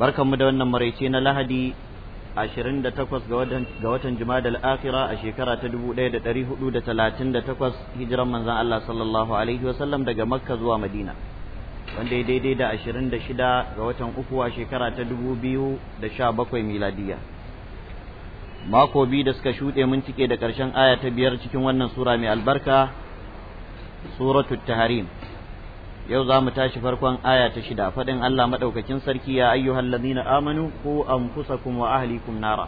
barkanmu da wannan maraice na lahadi 28 ga watan da akhira a shekara ta 1438 hijiran manzon Allah sallallahu alaihi wasallam daga makka zuwa madina wanda ya daidai da 26 ga watan uku a shekara ta 2017 miladiya mako biyu da suka shuɗe mun cike da ƙarshen aya ta biyar cikin wannan sura mai albarka suratul tahrim yau za mu tashi farkon aya ta shida faɗin Allah maɗaukakin sarki ya ayyuhan ladina amanu ku anfusakum wa ahlikum nara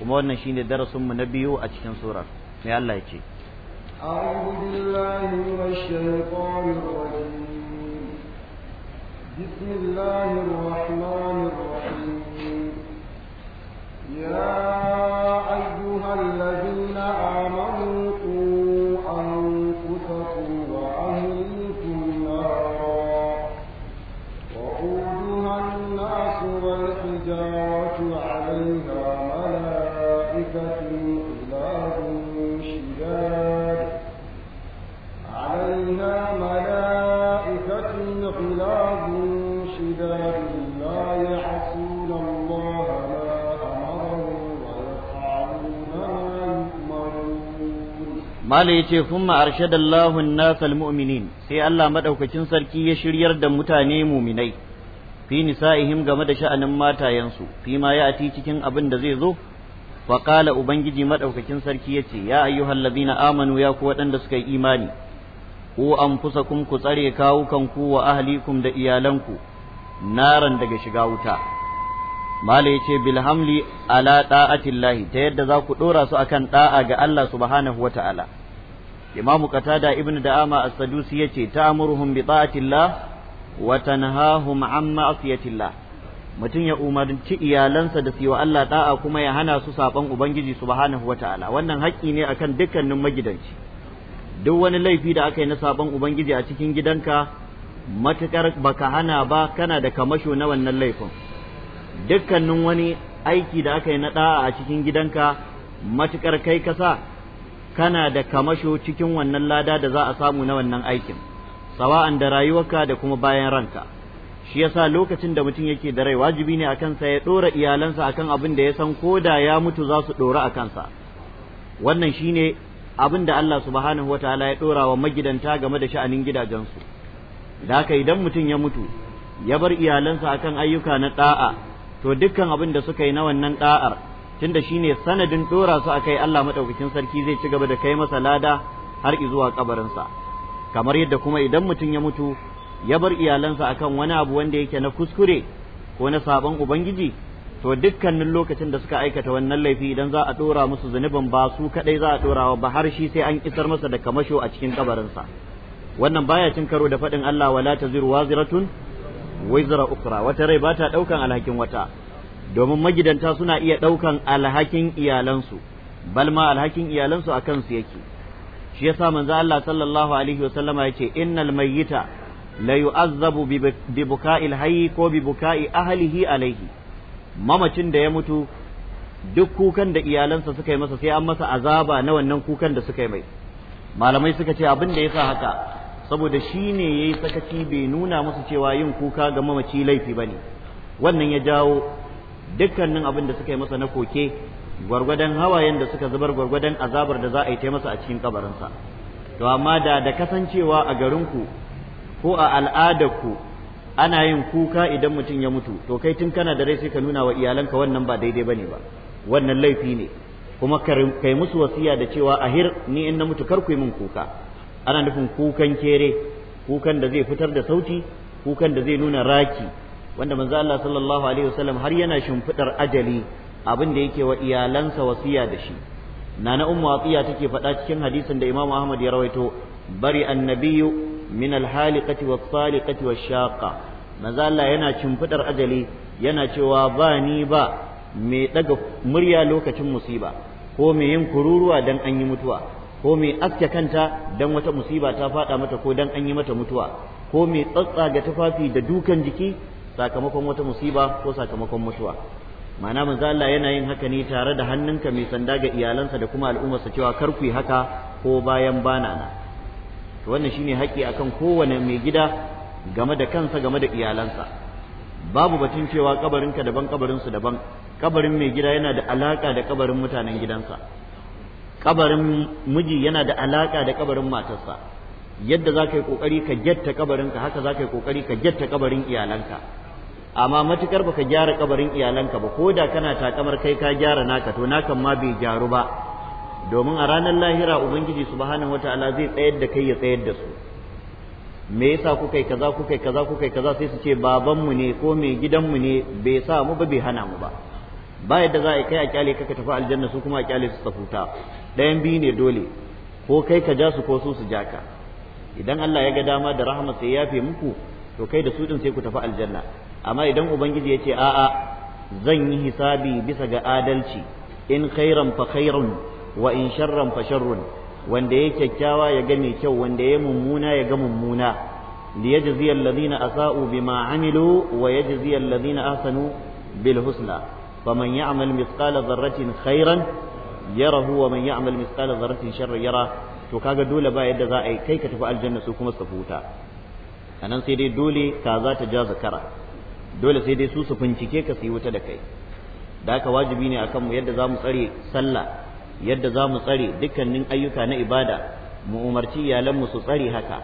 kuma wannan shine darasin mu na biyu a cikin surar mai Allah yake أعوذ بالله من الشيطان الرجيم بسم الله الرحمن الرحيم يا أيها الذين آمنوا mala yace thumma arshadallahu an-nasal mu'minin sai Allah maɗaukacin sarki ya shiryar da mutane muminai fi nisa'ihim game da sha'anin matayensu fi ma ati cikin abin da zai zo Faƙala ubangiji maɗaukacin sarki ya ce ya ayyuhallazina amanu ya ku waɗanda suka yi imani ku kun ku tsare kawukanku wa ahalikum da iyalanku naran daga shiga wuta mala yace bilhamli ala da'atillahi ta yadda za ku ɗora su akan ɗa'a ga Allah subhanahu Ta'ala. imamu qatada ibnu da'ama as-sadusi yace ta'muruhum bi ta'atillah wa tanhahum an ma'siyatillah mutum ya umarci iyalansa da siwa Allah da'a kuma ya hana su saban ubangiji subhanahu ta'ala wannan haƙƙi ne akan dukkanin magidanci duk wani laifi da aka yi na saban ubangiji a cikin gidanka matukar baka hana ba kana da kamasho na wannan laifin dukkanin wani aiki da aka yi na da'a a cikin gidanka matukar kai kasa kana da kamasho cikin wannan lada da za a samu na wannan aikin sawa'an da rayuwarka da kuma bayan ranka shi yasa lokacin da mutum yake da rai wajibi ne akan sa ya dora iyalansa akan abin da ya san ko da ya mutu za su dora a kansa wannan shine abin da Allah subhanahu wataala ya dora wa magidanta game da sha'anin gidajensu da haka idan mutum ya mutu ya bar iyalansa akan ayyuka na da'a to dukkan abin da suka yi na wannan da'ar tunda shine sanadin dora su a kai Allah madaukakin sarki zai ci gaba da kai masa lada har zuwa kabarinsa kamar yadda kuma idan mutum ya mutu ya bar iyalansa akan wani abu wanda yake na kuskure ko na sabon ubangiji to dukkanin lokacin da suka aikata wannan laifi idan za a dora musu zunubin ba su kaɗai za a dora ba har shi sai an isar masa da kamasho a cikin kabarinsa wannan baya cin karo da faɗin Allah wala taziru waziratun wizra ukra wata rai bata ta daukan alhakin wata domin magidanta suna iya ɗaukan alhakin iyalansu Balma alhakin iyalansu a kansu yake shi ya yasa manzo Allah sallallahu alaihi wa sallama yace innal mayyita la yu'azzabu bi buka'il hayi ko bi buka'i ahlihi alaihi mamacin da ya mutu duk kukan da iyalansa suka yi masa sai an masa azaba na wannan kukan da suka yi mai malamai suka ce abin da ya sa haka saboda shi ne yayi sakaci bai nuna musu cewa yin kuka ga mamaci laifi ba ne. wannan ya jawo dukkanin abin da suka yi masa na koke gwargwadon hawayen da suka zubar gwargwadon azabar da za a yi ta masa a cikin kabarinsa to amma da da kasancewa a garinku ko a al'adarku ana yin kuka idan mutum ya mutu to kai tun kana da rai sai ka nuna wa iyalanka wannan ba daidai bane ba wannan laifi ne kuma kai musu wasiya da cewa a hir ni in na mutu kar ku yi min kuka ana nufin kukan kere kukan da zai fitar da sauti kukan da zai nuna raki wanda manzo Allah sallallahu alaihi wasallam har yana shimfidar ajali abin da yake wa iyalansa wasiya da shi nana ummu atiya take faɗa cikin hadisin da imamu ahmad ya rawaito bari annabiyyu min alhaliqati wa saliqati wash-shaqa manzo Allah yana shimfidar ajali yana cewa ba ni ba mai daga murya lokacin musiba ko mai yin kururuwa dan an yi mutuwa ko mai aske kanta dan wata musiba ta faɗa mata ko dan an yi mata mutuwa ko mai tsatsaga tufafi da dukan jiki sakamakon wata musiba ko sakamakon mutuwa ma'ana manzo Allah yana yin haka ne tare da hannunka mai sanda ga iyalansa da kuma al'ummarsa cewa kar ku yi haka ko bayan bana na to wannan shine haƙi akan kowane mai gida game da kansa game da iyalansa babu batun cewa kabarinka daban kabarinsu daban kabarin mai gida yana da alaka da kabarin mutanen gidansa kabarin miji yana da alaka da kabarin matarsa yadda za ka yi ƙoƙari ka getta kabarinka haka za ka yi ƙoƙari ka getta kabarin iyalanka amma matukar baka gyara kabarin iyalanka ba ko da kana takamar kai ka gyara naka to naka ma bai gyaru ba domin a ranar lahira ubangiji subhanahu wataala zai tsayar da kai ya tsayar da su me yasa kuka yi kaza kuka kaza kuka kaza sai su ce babanmu ne ko mai mu ne bai sa mu ba bai hana mu ba ba yadda za a kai a kyale kaka tafi aljanna su kuma a kyale su tafuta ɗayan biyu ne dole ko kai ka ja su ko su su ja ka idan Allah ya ga dama da rahama sai ya fi muku to kai da su din sai ku tafi aljanna amma idan ubangiji ya ce a'a zan yi hisabi bisa ga adalci in khairan fa khairun wa in sharran fa sharrun wanda ya kyakkyawa ya ga kyau wanda ya mummuna ya ga mummuna liyajzi alladhina asa'u bima amilu wa yajzi alladhina ahsanu bil husna faman ya'mal mithqala dharratin khairan yarahu wa man ya'mal mithqala dharratin sharran yara to kaga dole ba yadda za a yi kai ka tafi aljanna su kuma su huta anan sai dai dole kaza ta ja zakara dole sai dai su su bincike ka su wuta da kai da haka wajibi ne akan mu yadda mu tsare sallah yadda za mu tsare dukkanin ayyuka na ibada mu umarci iyalanmu su tsare haka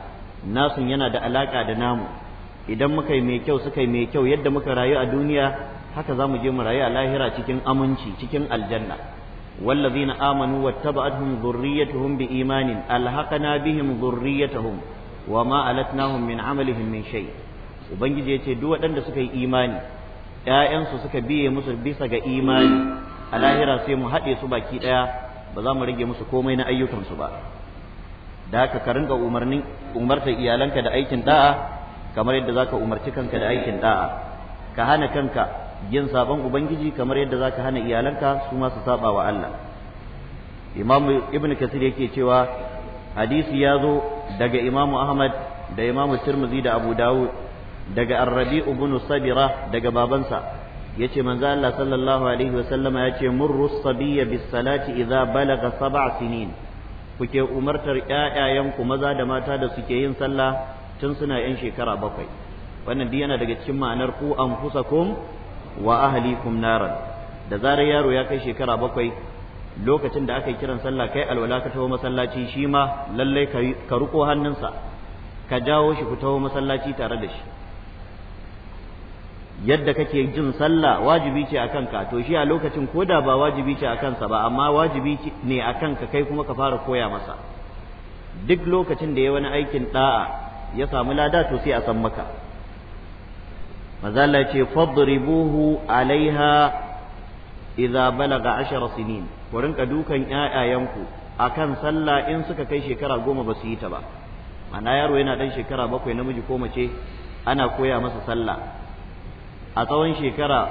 nasun yana da alaka da namu idan muka yi mai kyau suka yi mai kyau yadda muka rayu a duniya haka za mu je mu rayu a lahira cikin aminci cikin aljanna والذين آمنوا واتبعتهم ذريتهم بإيمان ألحقنا بهم ذريتهم وما ألتناهم من عملهم من شيء ubangiji ya ce duk waɗanda suka yi imani ‘ya'yansu suka biye musu bisa ga imani a lahira sai mu haɗe su baki ɗaya ba za mu rage musu komai na ayyukansu ba da haka ka rinka umarnin umartar iyalanka da aikin da'a kamar yadda za ka umarci kanka da aikin da'a ka hana kanka yin sabon ubangiji kamar yadda za ka hana iyalanka su ma su saba wa Allah imamu kasir yake cewa hadisi ya zo daga imamu ahmad da imamu tirmidhi da abu dawud daga arrabi'u bin sabira daga babansa yace manzo Allah sallallahu alaihi wa sallama yace murru sabiyya bis salati idza balaga sab'a sinin kuke umartar 'ya'yayanku maza da mata da suke yin sallah tun suna yan shekara bakwai wannan duk yana daga cikin ma'anar ku anfusakum wa ahlikum naran da zarar yaro ya kai shekara bakwai lokacin da aka yi kiran sallah kai alwala ka taho masallaci shi ma lallai ka riko hannunsa ka jawo shi ku taho masallaci tare da shi yadda kake jin sallah wajibi ce a kanka to shi a lokacin ko da ba wajibi ce a kansa ba amma wajibi ne akan ka kai kuma ka fara koya masa duk lokacin da ya wani aikin da'a ya samu lada to sai a san maka mazala ce fadribuhu alaiha idza balaga ashara sinin ku rinka dukan ƴaƴayenku akan sallah in suka kai shekara goma ba su yi ta ba ma'ana yaro yana ɗan shekara bakwai namiji ko mace ana koya masa sallah a tsawon shekara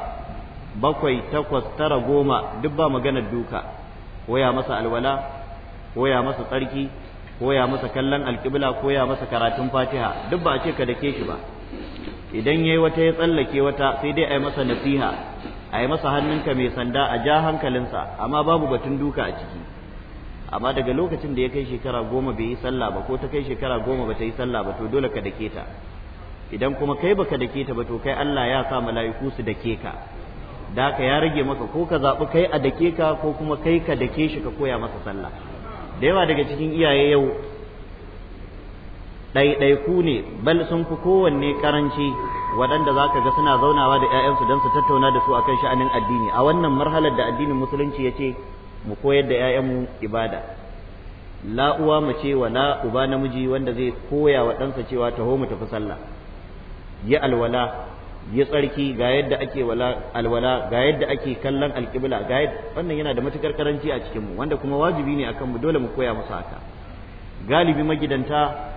bakwai takwas tara goma duk ba maganar duka koya masa alwala koya masa tsarki koya masa kallon alkibla koya masa karatun fatiha duk ba a ce ka dake shi ba idan yayi wata ya tsallake wata sai dai a yi masa nasiha a yi masa hannunka mai sanda a ja hankalinsa amma babu batun duka a ciki amma daga lokacin da ya kai shekara goma bai yi sallah ba ko ta kai shekara goma ba ta yi sallah ba to dole ka dake ta idan kuma kai baka dake ta ba to kai Allah ya sa mala'iku su dake ka da ka ya rage maka ko ka zaɓi kai a dake ka ko kuma kai ka dake shi ka koya masa sallah da yawa daga cikin iyaye yau ɗaiɗaiku ne bal sun fi kowanne karanci waɗanda za ka ga suna zaunawa da 'ya'yansu don su tattauna da su akan sha'anin addini a wannan marhalar da addinin musulunci ya ce mu koyar da 'ya'yanmu ibada la uwa mace wa la uba namiji wanda zai koya wa ɗansa cewa taho mu tafi sallah Yi alwala yi tsarki ga yadda ake alwala ga yadda ake kallon alƙibla ga wannan yana da matukar karanci a cikin mu wanda kuma wajibi ne akan mu dole mu koya musu haka galibi magidanta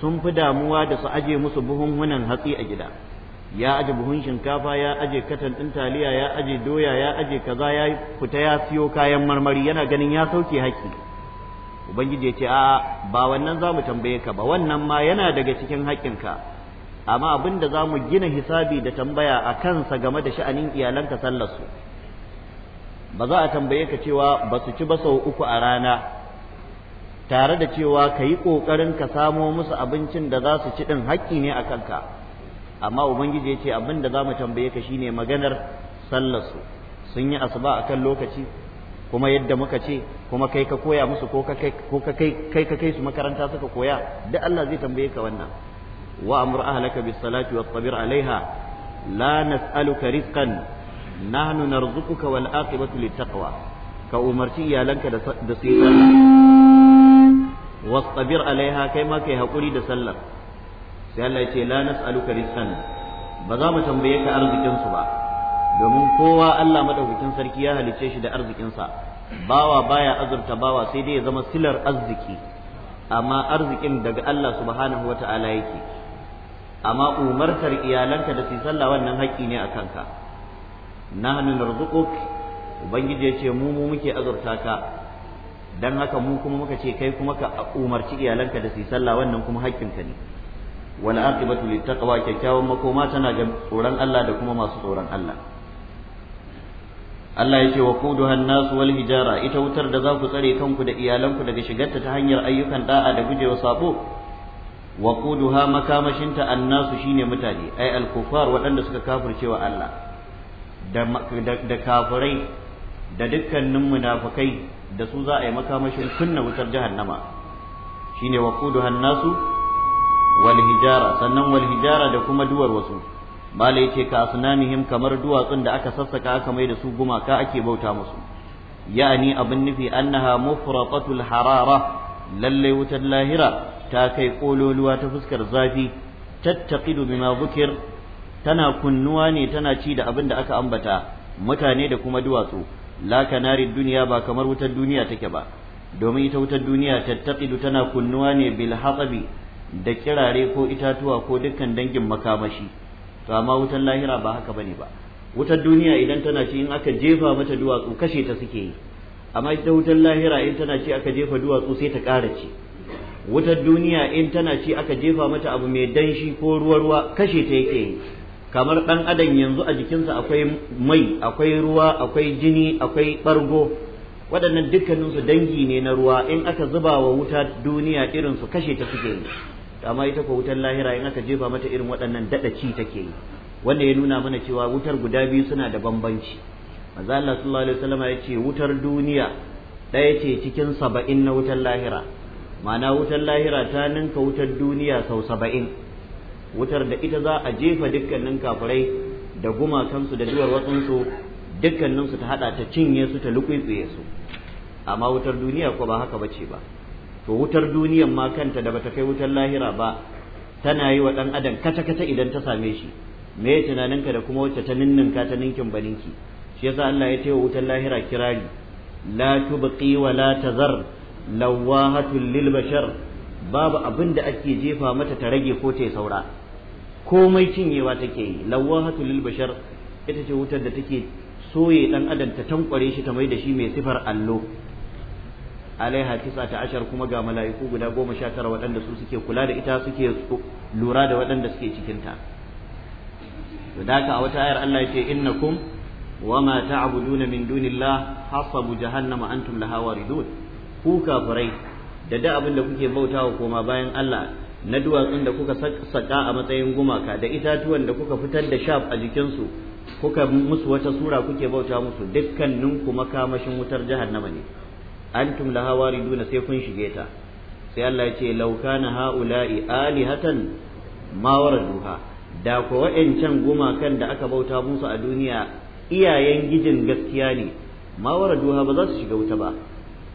sun fi damuwa da su aje musu buhunhunan hatsi a gida ya aje buhun shinkafa ya aje katan ɗin taliya ya aje doya ya aje kaza ya fita ya siyo kayan marmari yana ganin ya sauke haƙƙi ubangiji ya ce a ba wannan za mu tambaye ka ba wannan ma yana daga cikin haƙƙinka amma abin da za mu gina hisabi da tambaya a kansa game da sha'anin iyalanka sallarsu ba za a tambaye ka cewa ba su ci ba sau uku a rana tare da cewa ka yi ƙoƙarin ka samo musu abincin da za su ci ɗin haƙƙi ne a kanka amma ubangiji ya ce abin da za mu tambaye ka shine maganar sallarsu sun yi asuba a kan lokaci kuma yadda muka ce kuma kai ka koya musu ko ka kai su makaranta suka koya duk Allah zai tambaye ka wannan وأمر أهلك بالصلاة واصطبر عليها لا نسألك رزقا نحن نرزقك والآقبة للتقوى كأمرتي يا لنك دصيصا واصطبر عليها كما كي هقولي دسلا سيالا لا نسألك رزقا بغام تنبيك أرزق صبا domin kowa Allah madaukakin sarki ya halicce shi da arzikinsa bawa baya azurta bawa sai dai ya zama silar arziki amma arzikin daga Allah subhanahu ta'ala yake amma umartar iyalanka da su sallah wannan haƙƙi ne a kanka nahnu narzuquk ubangiji ya ce mu mu muke azurta ka dan haka mu kuma muka ce kai kuma ka umarci iyalanka da su sallah wannan kuma haƙƙinka ne wal aqibatu littaqwa kyakkyawan makoma tana ga tsoron Allah da kuma masu tsoron Allah Allah ya ce wa quduhan nasu wal hijara ita wutar da za ku tsare kanku da iyalanku daga shigarta ta hanyar ayyukan da'a da gujewa sabo waquduha makamashinta annasu shine mutane ai alkufar waɗanda suka kafircewa Allah da kafirai da dukkanin munafukai da su za a yi makamashin kunna wutar jahannama shine waquduha annasu wal hijara sannan walhijara da kuma duwar wasu mala yace ka asnamihim kamar duwatsun da aka sassaka aka mai da su gumaka ake bauta musu ya'ani abin nufi annaha mufratatul harara lallai wutar lahira ta kai ƙololuwa ta fuskar zafi tattaqidu bima zukir tana kunnuwa ne tana ci da abin da aka ambata mutane da kuma duwatsu la kanarid duniya ba kamar wutar duniya take ba domin ita wutar duniya tattaqidu tana kunnuwa ne bil da kirare ko itatuwa ko dukkan dangin makamashi to amma wutar lahira ba haka bane ba wutar duniya idan tana ci in aka jefa mata duwatsu kashe ta suke yi amma ita wutar lahira in tana ci aka jefa duwatsu sai ta ƙara ci wutar duniya in tana ci aka jefa mata abu mai danshi ko ruwa ruwa kashe ta yake yi kamar ɗan adam yanzu a jikinsa akwai mai akwai ruwa akwai jini akwai ɓargo waɗannan dukkaninsu dangi ne na ruwa in aka zuba wa wuta duniya irin su kashe ta suke yi amma ita ko wutar lahira in aka jefa mata irin waɗannan daɗaci take yi wanda ya nuna mana cewa wutar guda biyu suna da bambanci manzo Allah sallallahu alaihi wasallam ya ce wutar duniya ɗaya ce cikin saba'in na wutar lahira ma'ana wutar lahira ta ninka wutar duniya sau saba'in wutar da ita za a jefa dukkanin kafirai da gumakansu da duwar watsunsu dukkaninsu ta hada ta cinye su ta lukwitse su amma wutar duniya ko ba haka bace ba to wutar duniyan ma kanta da bata kai wutar lahira ba tana yi wa dan adam kata kata idan ta same shi me ya tunaninka da kuma wacce ta ninninka ta ninkin baninki shi yasa Allah ya ce wa wutar lahira kirari la tubqi wa la tazar lawahatun lil bashar babu abin da ake jefa mata ta rage ko ta saura komai cinyewa take yi lawahatun lil bashar ita ce wutar da take soye dan adam ta tankware shi ta mai da shi mai sifar allo alaiha tisa ta ashar kuma ga mala'iku guda goma sha tara waɗanda su suke kula da ita suke lura da waɗanda suke cikinta da haka a wata ayar Allah ya ce innakum wama ta'buduna min dunillah hasabu jahannama antum laha waridun ku kafirai da da abin da kuke bautawa koma bayan Allah na duwatsun da kuka saka a matsayin gumaka da itatuwan da kuka fitar da shaf a jikinsu kuka musu wata sura kuke bauta musu dukkaninku makamashin wutar jahannama ne antum laha wariduna sai kun shige ta sai Allah ya ce law kana haula'i alihatan ma waraduha da ko wa'ancan gumakan da aka bauta musu a duniya iyayen gijin gaskiya ne ma waraduha ba za su shiga wuta ba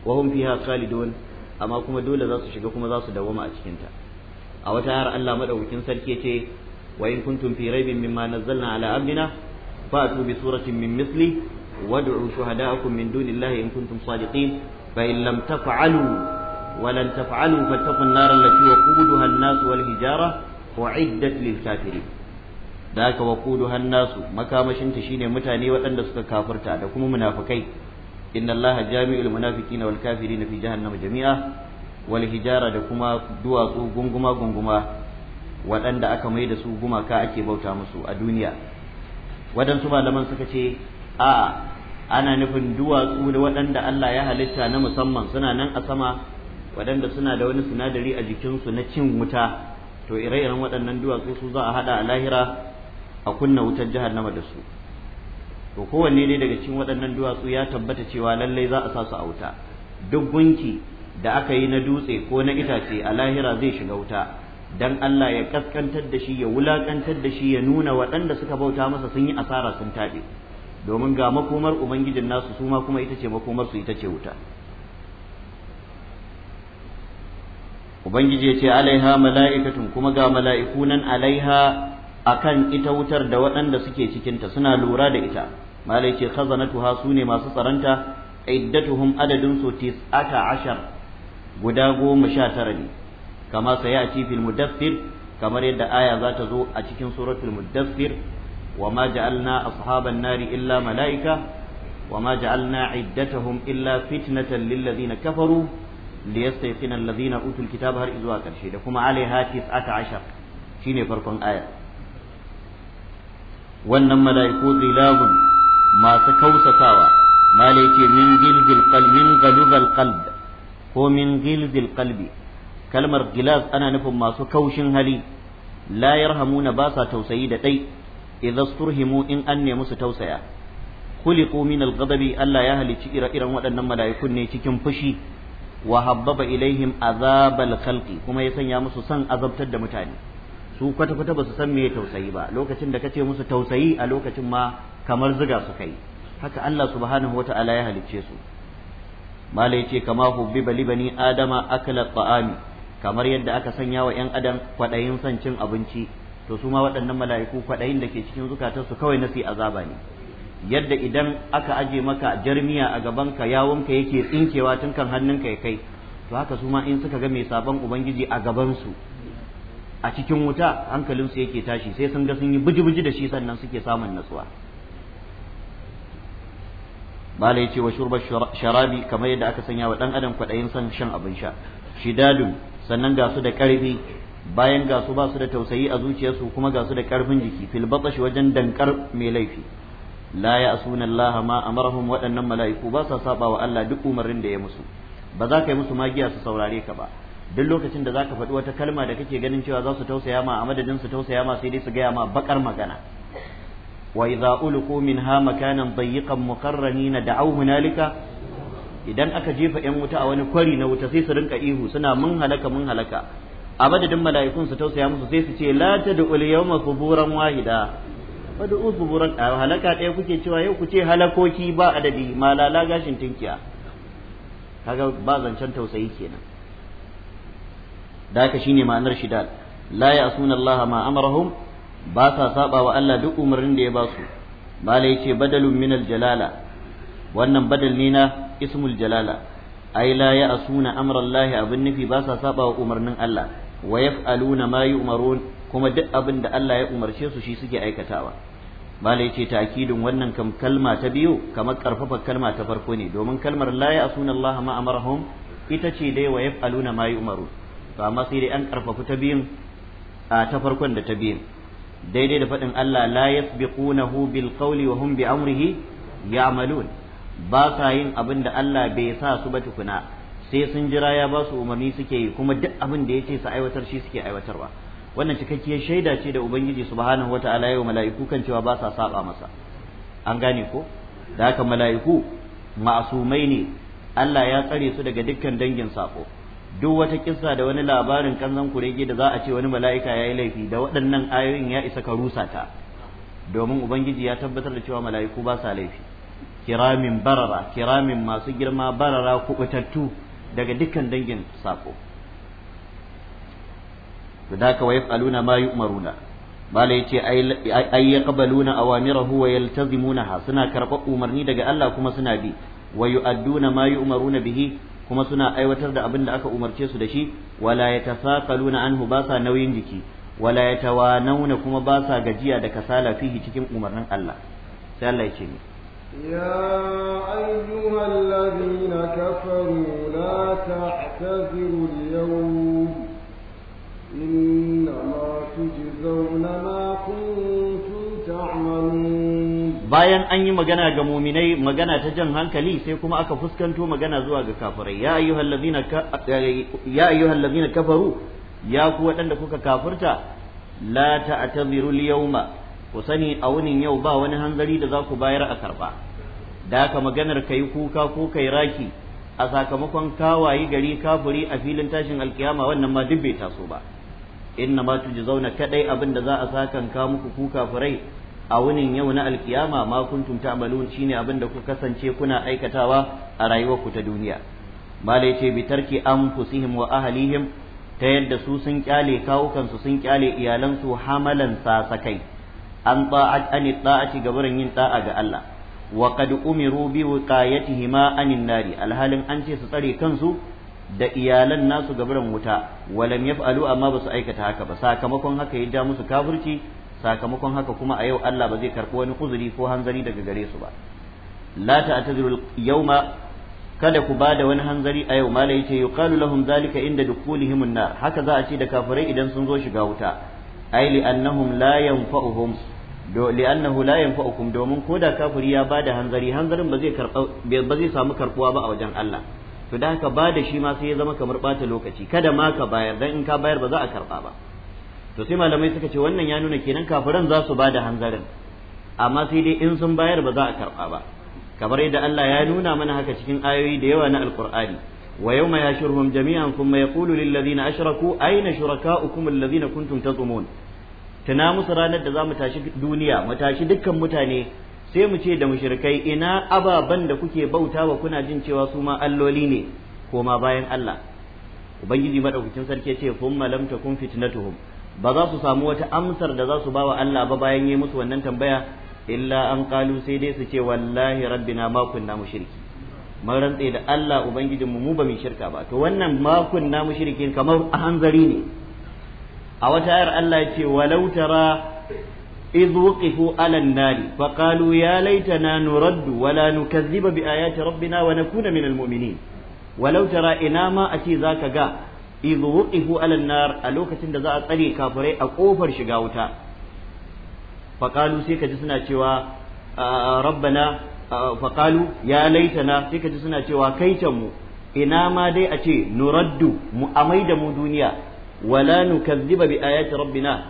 wa hum fiha khalidun amma kuma dole za su shiga kuma za su dawama a cikinta a wata yar Allah madaukakin sarki ce wa in kuntum fi raibin mimma nazzalna ala abdina fa'tu bi suratin min misli wad'u shuhada'akum min dunillahi in kuntum sadiqin fa in lam taf'alu ولن تفعلوا فاتقوا النار التي وقودها الناس والحجارة أعدت للكافرين ذاك وقودها الناس مكامشنت شيني mutane waɗanda suka kafirta da kuma munafikai inna allaha munafuki na wal na fi jahannama jami'a Walhijara da kuma duwatsu gunguma gunguma waɗanda aka mai da su gumaka ake bauta musu a duniya waɗansu malaman suka ce a'a ana nufin duwatsu da waɗanda Allah ya halitta na musamman suna nan a sama waɗanda suna da wani sinadari a jikinsu na cin wuta to ire-iren waɗannan duwatsu su za a haɗa a lahira a kunna wutar jahannama da su to kowanne ne daga cikin waɗannan duwatsu ya tabbata cewa lallai za a sa su a wuta duk gunki da aka yi na dutse ko na itace a lahira zai shiga wuta dan Allah ya kaskantar da shi ya wulakantar da shi ya nuna waɗanda suka bauta masa sun yi asara sun taɓe domin ga makomar ubangijin nasu su ma kuma ita ce makomar su ita ce wuta ubangiji ya ce alaiha mala'ikatun kuma ga mala'iku nan alaiha akan ita wutar da waɗanda suke cikinta suna lura da ita malai ce khazanatuha su ne masu tsaranta iddatuhum adadin su tis'ata ashar guda goma sha tara ne kama sayi a cikin mudaffir kamar yadda aya za ta zo a cikin suratul mudaffir wa ma ja'alna ashaban nari illa malaika wa ma ja'alna iddatuhum illa fitnatan lil ladina kafaru li yastayqina alladhina utul kitaba har izuwa karshe da kuma alaiha tis'ata ashar shine farkon aya wannan mala'iku ghilabun masu kausatawa mala yake min gilzil qalbin galubal qalb ko min gilzil qalbi kalmar gilas ana nufin masu kaushin hali la yarhamuna ba sa tausayi da dai idza sturhimu in an nemi su tausaya khuliqu min al-ghadabi Allah ya halicci ire-iren waɗannan mala'ikun ne cikin fushi wa habbaba ilaihim azabal khalqi kuma ya sanya musu san azabtar da mutane su kwata-kwata ba su san me tausayi ba lokacin da kace musu tausayi a lokacin ma kamar ziga su kai haka Allah subhanahu wata'ala ya halicce su mala yace kama hubbiba bali bani adama akala ta'ami kamar yadda aka sanya wa 'yan adam kwadayin son cin abinci to su ma waɗannan mala'iku kwadayin da ke cikin su kawai nasi azaba ne yadda idan aka aje maka jarmiya a gabanka yawonka yake tsinkewa tun kan hannunka ya kai to haka su ma in suka ga mai sabon ubangiji a gabansu a cikin wuta hankalinsu yake tashi sai sun ga sun yi buji-buji da shi sannan suke samun natsuwa bala yace wa shurba sharabi kamar yadda aka sanya wa dan adam kwadayin san shan abin sha shidadun sannan ga su da karfi bayan ga su ba su da tausayi a zuciyarsu kuma ga su da karfin jiki fil batash wajen dankar mai laifi la sunan Allah ma amarahum waɗannan mala'iku ba sa saba wa Allah duk umarnin da ya musu ba za ka yi musu magiya su saurare ka ba duk lokacin da zaka faɗi wata kalma da kake ganin cewa za su tausaya ma a madadin su tausaya ma sai dai su gaya ma bakar magana wa idza ulqu minha makanan dayyiqan muqarranin da'aw hunalika idan aka jefa yan wuta a wani kwari na wuta sai su rinka ihu suna mun halaka mun halaka a madadin mala'ikun su tausaya musu sai su ce la tad'ul yawma suburan wahida fad'u suburan halaka ɗaya kuke cewa yau ku ce halakoki ba adadi malala gashin tinkiya kaga ba zancen tausayi kenan da haka shine ma'anar shidal la ya'suna Allah ma amarahum ba sa saba wa Allah duk umarnin da ya ba su bala yace badalun jalala wannan badal ne na ismul jalala ai la ya'suna amrallahi abin nufi ba sa saba wa umarnin Allah wa yaf'aluna ma yu'marun kuma duk abin da Allah ya umarce su shi suke aikatawa bala yace ta'kidin wannan kam kalma ta biyu kamar karfafa kalma ta farko ne domin kalmar la ya'suna Allah ma amarahum ita ce dai wa yaf'aluna ma yu'marun to amma sai dai an karfafu ta biyun ta farkon da ta biyun daidai da faɗin Allah la yasbiqunahu bil qawli wa hum bi amrihi ya'malun ba sa yin abin da Allah bai sa su ba tukuna sai sun jira ya ba su umarni suke yi kuma duk abin da yace su aiwatar shi suke aiwatarwa wannan cikakkiyar shaida ce da ubangiji subhanahu wata'ala yau mala'iku kan cewa ba sa saba masa an gane ko da haka mala'iku ma'asumai ne Allah ya tsare su daga dukkan dangin sako duk wata kissa da wani labarin kanzan kurege da za a ce wani mala'ika ya yi laifi da waɗannan ayoyin ya isa ka rusa ta domin ubangiji ya tabbatar da cewa mala'iku ba sa laifi kiramin barara kiramin masu girma barara kubutattu daga dukkan dangin sako da wa yaf'aluna ma yu'maruna bala yace ay yaqbaluna awamirahu wa yaltazimunaha suna karɓar umarni daga Allah kuma suna bi wa yu'adduna ma yu'maruna bihi kuma suna aiwatar da abin da aka umarce su da shi wala ya yatasaqaluna anhu ba sa nauyin jiki wala ya tawanauna kuma ba sa gajiya da kasala fihi cikin umarnin Allah sai Allah ya ce ni يا أيها الذين كفروا لا تعتذروا اليوم إنما تجزون ما كنتم تعملون bayan an yi magana ga muminai magana ta jan hankali sai kuma aka fuskanto magana zuwa ga kafirai ya ayyuhal ladina kafaru ya ku waɗanda kuka kafirta la ta'tabiru al-yawma ku sani a wunin yau ba wani hanzari da za ku bayar a karba da ka maganar kai kuka ko kai raki a sakamakon kawayi gari kafuri a filin tashin alkiyama wannan ma duk bai taso ba inna ma tujzauna kadai abin da za a sakan ka muku ku kafirai a wunin yau na alkiyama ma kuntum ta'malun shine abin da kuka kasance kuna aikatawa a rayuwar ku ta duniya malai ce bi tarki anfusihim wa ahlihim ta yadda su sun kyale kawukansu sun kyale iyalan su hamalan sasakai an ta'at an ta'ati gabarin yin ta'a ga Allah wa qad umiru bi wiqayatihima anin nari alhalin an ce su tsare kansu da iyalan nasu gabaran wuta walam yaf'alu amma ba su aikata haka ba sakamakon haka ya ja musu kafirci sakamakon haka kuma a yau Allah ba zai karɓi wani uzuri ko hanzari daga gare su ba la ta'tazirul yawma kada ku bada wani hanzari a yau mala yace yuqalu lahum zalika inda dukulihim nar haka za a ce da kafirai idan sun zo shiga wuta ai li annahum la yanfa'uhum do li annahu la yanfa'ukum domin koda kafiri ya bada hanzari hanzarin ba zai ba zai samu karbuwa ba a wajen Allah to da haka bada shi ma sai ya zama kamar bata lokaci kada ma ka bayar dan in ka bayar ba za a karɓa ba to sai malamai suka ce wannan ya nuna kenan kafiran za su bada hanzarin amma sai dai in sun bayar ba za a karba ba kamar yadda Allah ya nuna mana haka cikin ayoyi da yawa na alqur'ani wa yawma yashurhum jami'an thumma yaqulu lil ladina ashraku ayna shurakaukum alladhina kuntum tazumun tuna musu ranar da za mu tashi duniya mu tashi dukkan mutane sai mu ce da mushrikai ina ababan da kuke bauta wa kuna jin cewa su ma alloli ne koma bayan Allah ubangiji madaukakin sarki ya ce thumma lam takun fitnatuhum ba za su samu wata amsar da za su ba wa Allah ba bayan yi musu wannan tambaya illa an kalu sai dai su ce wallahi rabbina ma kunna mushriki mun rantse da Allah ubangijin mu ba mu shirka ba to wannan ma kunna mushrikin kamar a hanzari ne a wata ayar Allah ya ce walau tara إذ وقفوا على النار فقالوا يا ليتنا نرد ولا نكذب بآيات ربنا ونكون من المؤمنين ولو ترى إنا ما أتي ذاك ga? idh wuqifu ala nar a lokacin da za a tsare kafirai a kofar shiga wuta Faƙalu sai kaji suna cewa rabbana faƙalu ya laitana sai kaji suna cewa kaitan mu ina ma dai a ce nuraddu mu amai da mu duniya wala nukazziba bi ayati rabbina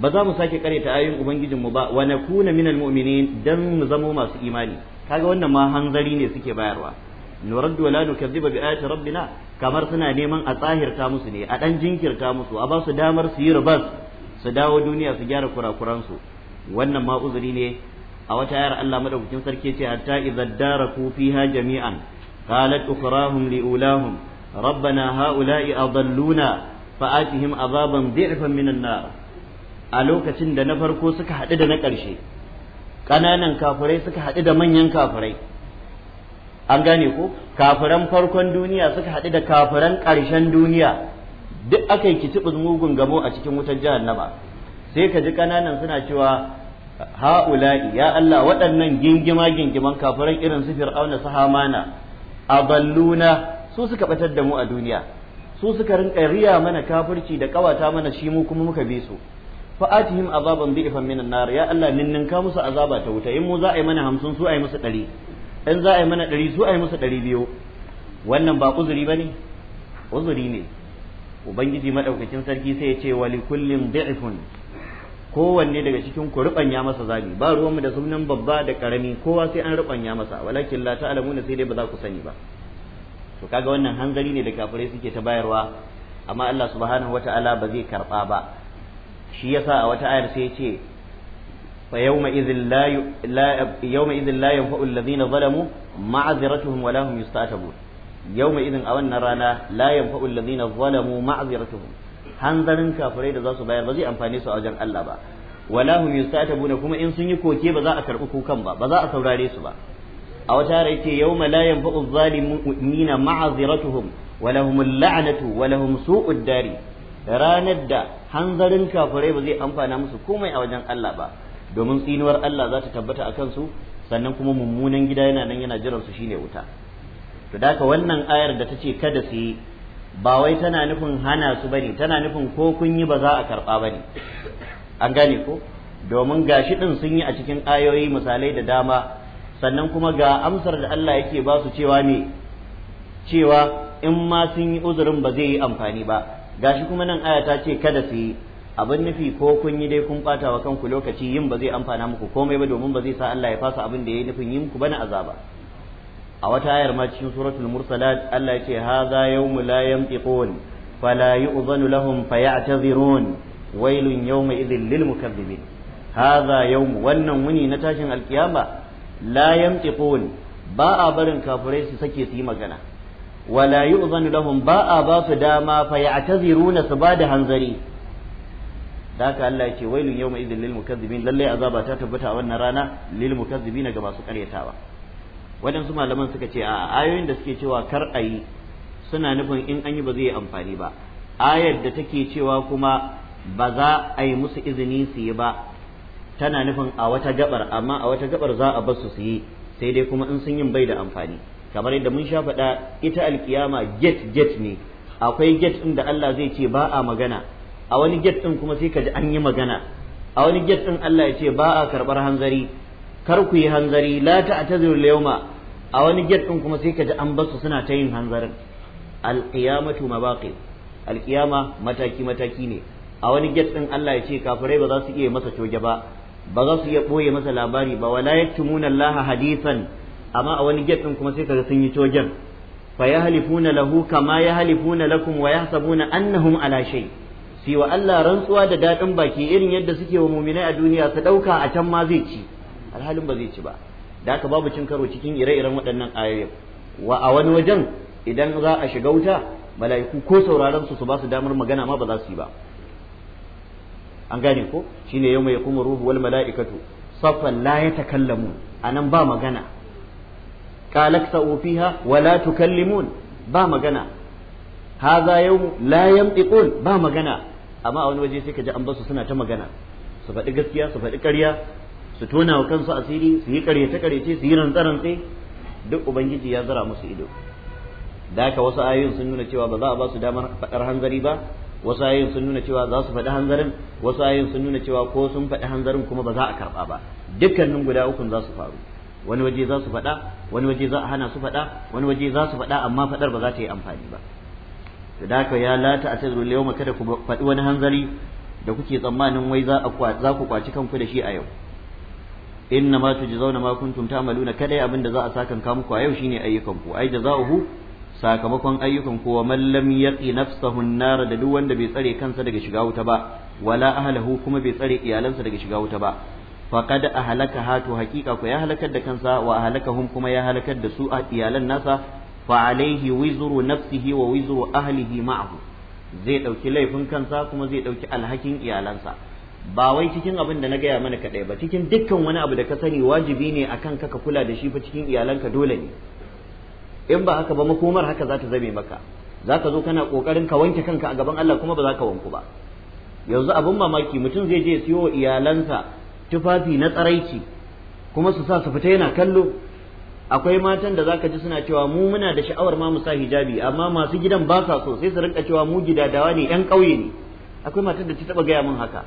ba za mu sake karanta ayoyin ubangijin mu ba wa nakuna minal mu'minin dan mu zamo masu imani kaga wannan ma hanzari ne suke bayarwa nuraddu wa la bi ayati rabbina kamar suna neman a tsahirta musu ne a dan jinkirta musu a ba su damar su yi rubas su dawo duniya su gyara kurakuran su wannan ma uzuri ne a wata ayar Allah madaukakin sarki ce hatta idza daraku fiha jami'an qalat ukhrahum li ulahum rabbana haula'i adalluna fa'atihim azaban bi'fan minan nar a lokacin da na farko suka haɗu da na ƙarshe ƙananan kafurai suka haɗu da manyan kafurai. an gane ko kafiran farkon duniya suka haɗu da kafiran ƙarshen duniya duk aka yi kitibin mugun gamo a cikin wutar jihar jahannama sai ka ji ƙananan suna cewa ha'ula'i ya Allah waɗannan gingima gingiman kafiran irin su fir'auna su hamana aballuna su suka batar da mu a duniya su suka rinƙa riya mana kafirci da ƙawata mana shi mu kuma muka bi su atihim azaban bi'fan minan nar ya Allah ninninka musu azaba ta wuta in mu za a yi mana hamsin su a yi musu ɗari in za a yi mana ɗari su a yi musu ɗari biyu wannan ba uzuri ba ne uzuri ne ubangiji maɗaukacin sarki sai ya ce wali kullum da'ifun kowanne daga cikin ku ya masa zabi ba ruwanmu da sunan babba da ƙarami kowa sai an rubanya masa walakin la ta'lamuna sai dai ba za ku sani ba to kaga wannan hanzari ne da kafirai suke ta bayarwa amma Allah subhanahu wata'ala ba zai karɓa ba shi yasa a wata ayar sai ya ce فيومئذ لا ي... لا ينفع الذين ظلموا معذرتهم ولا هم يستعتبون يومئذ أولنا رانا لا ينفع الذين ظلموا معذرتهم hanzarin kafirai da za bayar ba zai amfane su a wajen Allah ba wala hum yustatabuna kuma in sun yi koke ba za a karɓi kukan ba ba za a saurare su ba a wata hare yake yawma la yanfa'u ranar da hanzarin kafirai ba zai amfana musu komai a wajen Allah ba domin tsinuwar Allah za ta tabbata a kansu sannan kuma mummunan gida yana nan yana jiran su shine wuta to da wannan ayar da ta ce kada su yi ba wai tana nufin hana su bane tana nufin ko kun yi ba za a karba bane an gane ko domin gashi din sun yi a cikin ayoyi misalai da dama sannan kuma ga amsar da Allah yake ba su cewa ne cewa in ma sun yi uzurin ba zai yi amfani ba gashi kuma nan aya ta ce kada su yi abin nufi ko kun yi dai kun bata wa kanku lokaci yin ba zai amfana muku komai ba domin ba zai sa Allah ya fasa abin da yi nufin yin ku bana azaba a wata ayar ma cikin suratul mursalat Allah ya ce hadha yawmu la yantiqun fala yu'zanu lahum fayatazirun wailun yawma idhil lil mukaththibin hadha yawm wannan wuni na tashin alkiyama la yantiqun ba a barin kafirai su sake su yi magana wala yu'zanu lahum ba a ba su dama fayataziruna su ba da hanzari da haka Allah yake wailun yawma idhil lil mukazzibin lalle azaba ta tabbata a wannan rana lil mukazzibin ga masu karyatawa waɗansu malaman suka ce a ayoyin da suke cewa kar ayi suna nufin in an yi ba zai yi amfani ba ayar da take cewa kuma ba za a yi musu izini su yi ba tana nufin a wata gabar amma a wata gabar za a basu su yi sai dai kuma in sun yin bai da amfani kamar yadda mun sha faɗa ita alkiyama get get ne akwai get ɗin da Allah zai ce ba a magana a wani get din kuma sai ka ji an yi magana a wani get din Allah ya ce ba a karbar hanzari kar ku yi hanzari la ta al-yawma a wani get din kuma sai ka ji an basu suna ta yin hanzarin alƙiyamatu mabaqi alƙiyama mataki mataki ne a wani get din Allah ya ce kafirai ba za su iya masa coge ba ba za su iya boye masa labari ba wala yaktumuna Allah hadisan amma a wani get kuma sai kaga sun yi cogen fa yahlifuna lahu kama yahlifuna lakum wa yahsabuna annahum ala shay' su wa Allah rantsuwa da daɗin baki irin yadda suke wa muminai a duniya su ɗauka a can ma zai ci alhalin ba zai ci ba da haka babu cin karo cikin ire-iren waɗannan ayoyin wa a wani wajen idan za a shiga wuta mala'iku ko sauraron su su ba su damar magana ma ba za su yi ba an gane ko shine yau mai kuma ruhu wal mala'ikatu saffan la takallamu anan ba magana qalat sa'u fiha wa la tukallimun ba magana hadha yawm la yantiqun ba magana amma a wani waje sai ka ji an basu suna ta magana su faɗi gaskiya su faɗi ƙarya su tona wa kansu asiri su yi ƙaryace ƙaryace su yi rantsarantse duk ubangiji ya zara musu ido da haka wasu ayoyin sun nuna cewa ba za a ba su damar faɗar hanzari ba wasu ayoyin sun nuna cewa za su faɗi hanzarin wasu ayoyin sun nuna cewa ko sun faɗi hanzarin kuma ba za a karɓa ba dukkanin guda ukun za su faru wani waje za su faɗa wani waje za a hana su faɗa wani waje za su faɗa amma faɗar ba za ta yi amfani ba sadaka ya lata atazru yau kada ku faɗi wani hanzari da kuke tsammanin wai za za ku kwaci kanku da shi a yau inna ma tujzauna ma kuntum ta'maluna kada abin abinda za a saka ka muku a yau shine ayyukan ku ai jazaohu sakamakon ayyukan ku wa man lam yaqi nafsahu an-nar da duk wanda bai tsare kansa daga shiga wuta ba wala ahlahu kuma bai tsare iyalansa daga shiga wuta ba faqad ahlaka hatu haqiqa ku ya halakar da kansa wa ahlakahum kuma ya halakar da su a iyalan nasa fa alaihi wizru nafsihi wa wizru ahlihi ma'ahu zai ɗauki laifin kansa kuma zai ɗauki alhakin iyalansa ba wai cikin abin da na gaya mana kaɗai ba cikin dukkan wani abu da ka sani wajibi ne akan ka ka kula da shi fa cikin iyalanka dole ne in ba haka ba makomar haka za ta zame maka za ka zo kana kokarin ka wanke kanka a gaban Allah kuma ba za ka wanku ba yanzu abin mamaki mutum zai je siyo iyalansa tufafi na tsaraici kuma su sa su fita yana kallo akwai matan da zaka ji suna cewa mu muna da sha'awar ma mu sa hijabi amma masu gidan ba sa so sai su rinka cewa mu gidadawa ne yan ƙauye ne akwai matan da ta taba gaya min haka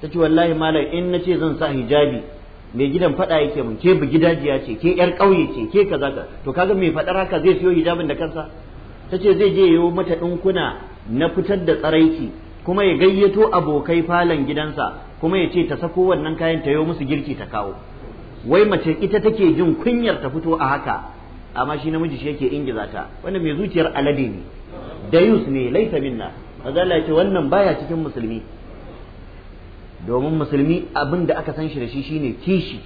ta ce wallahi malam in na ce zan sa hijabi mai gidan faɗa yake mun ke gidajiya ce ke yar ƙauye ce ke kaza ka to kaga mai faɗar haka zai siyo hijabin da kansa ta ce zai je yayo mata ɗinkuna na fitar da tsaraici kuma ya gayyato abokai falon gidansa kuma ya ce ta sako wannan kayan ta yo musu girki ta kawo wai mace ita take jin kunyar ta fito a haka amma shi namiji shi yake ingiza ta wanda mai zuciyar alade ne dayus ne laita minna mazala ya ce wannan baya cikin musulmi domin musulmi abin da aka san shi da shi shine kishi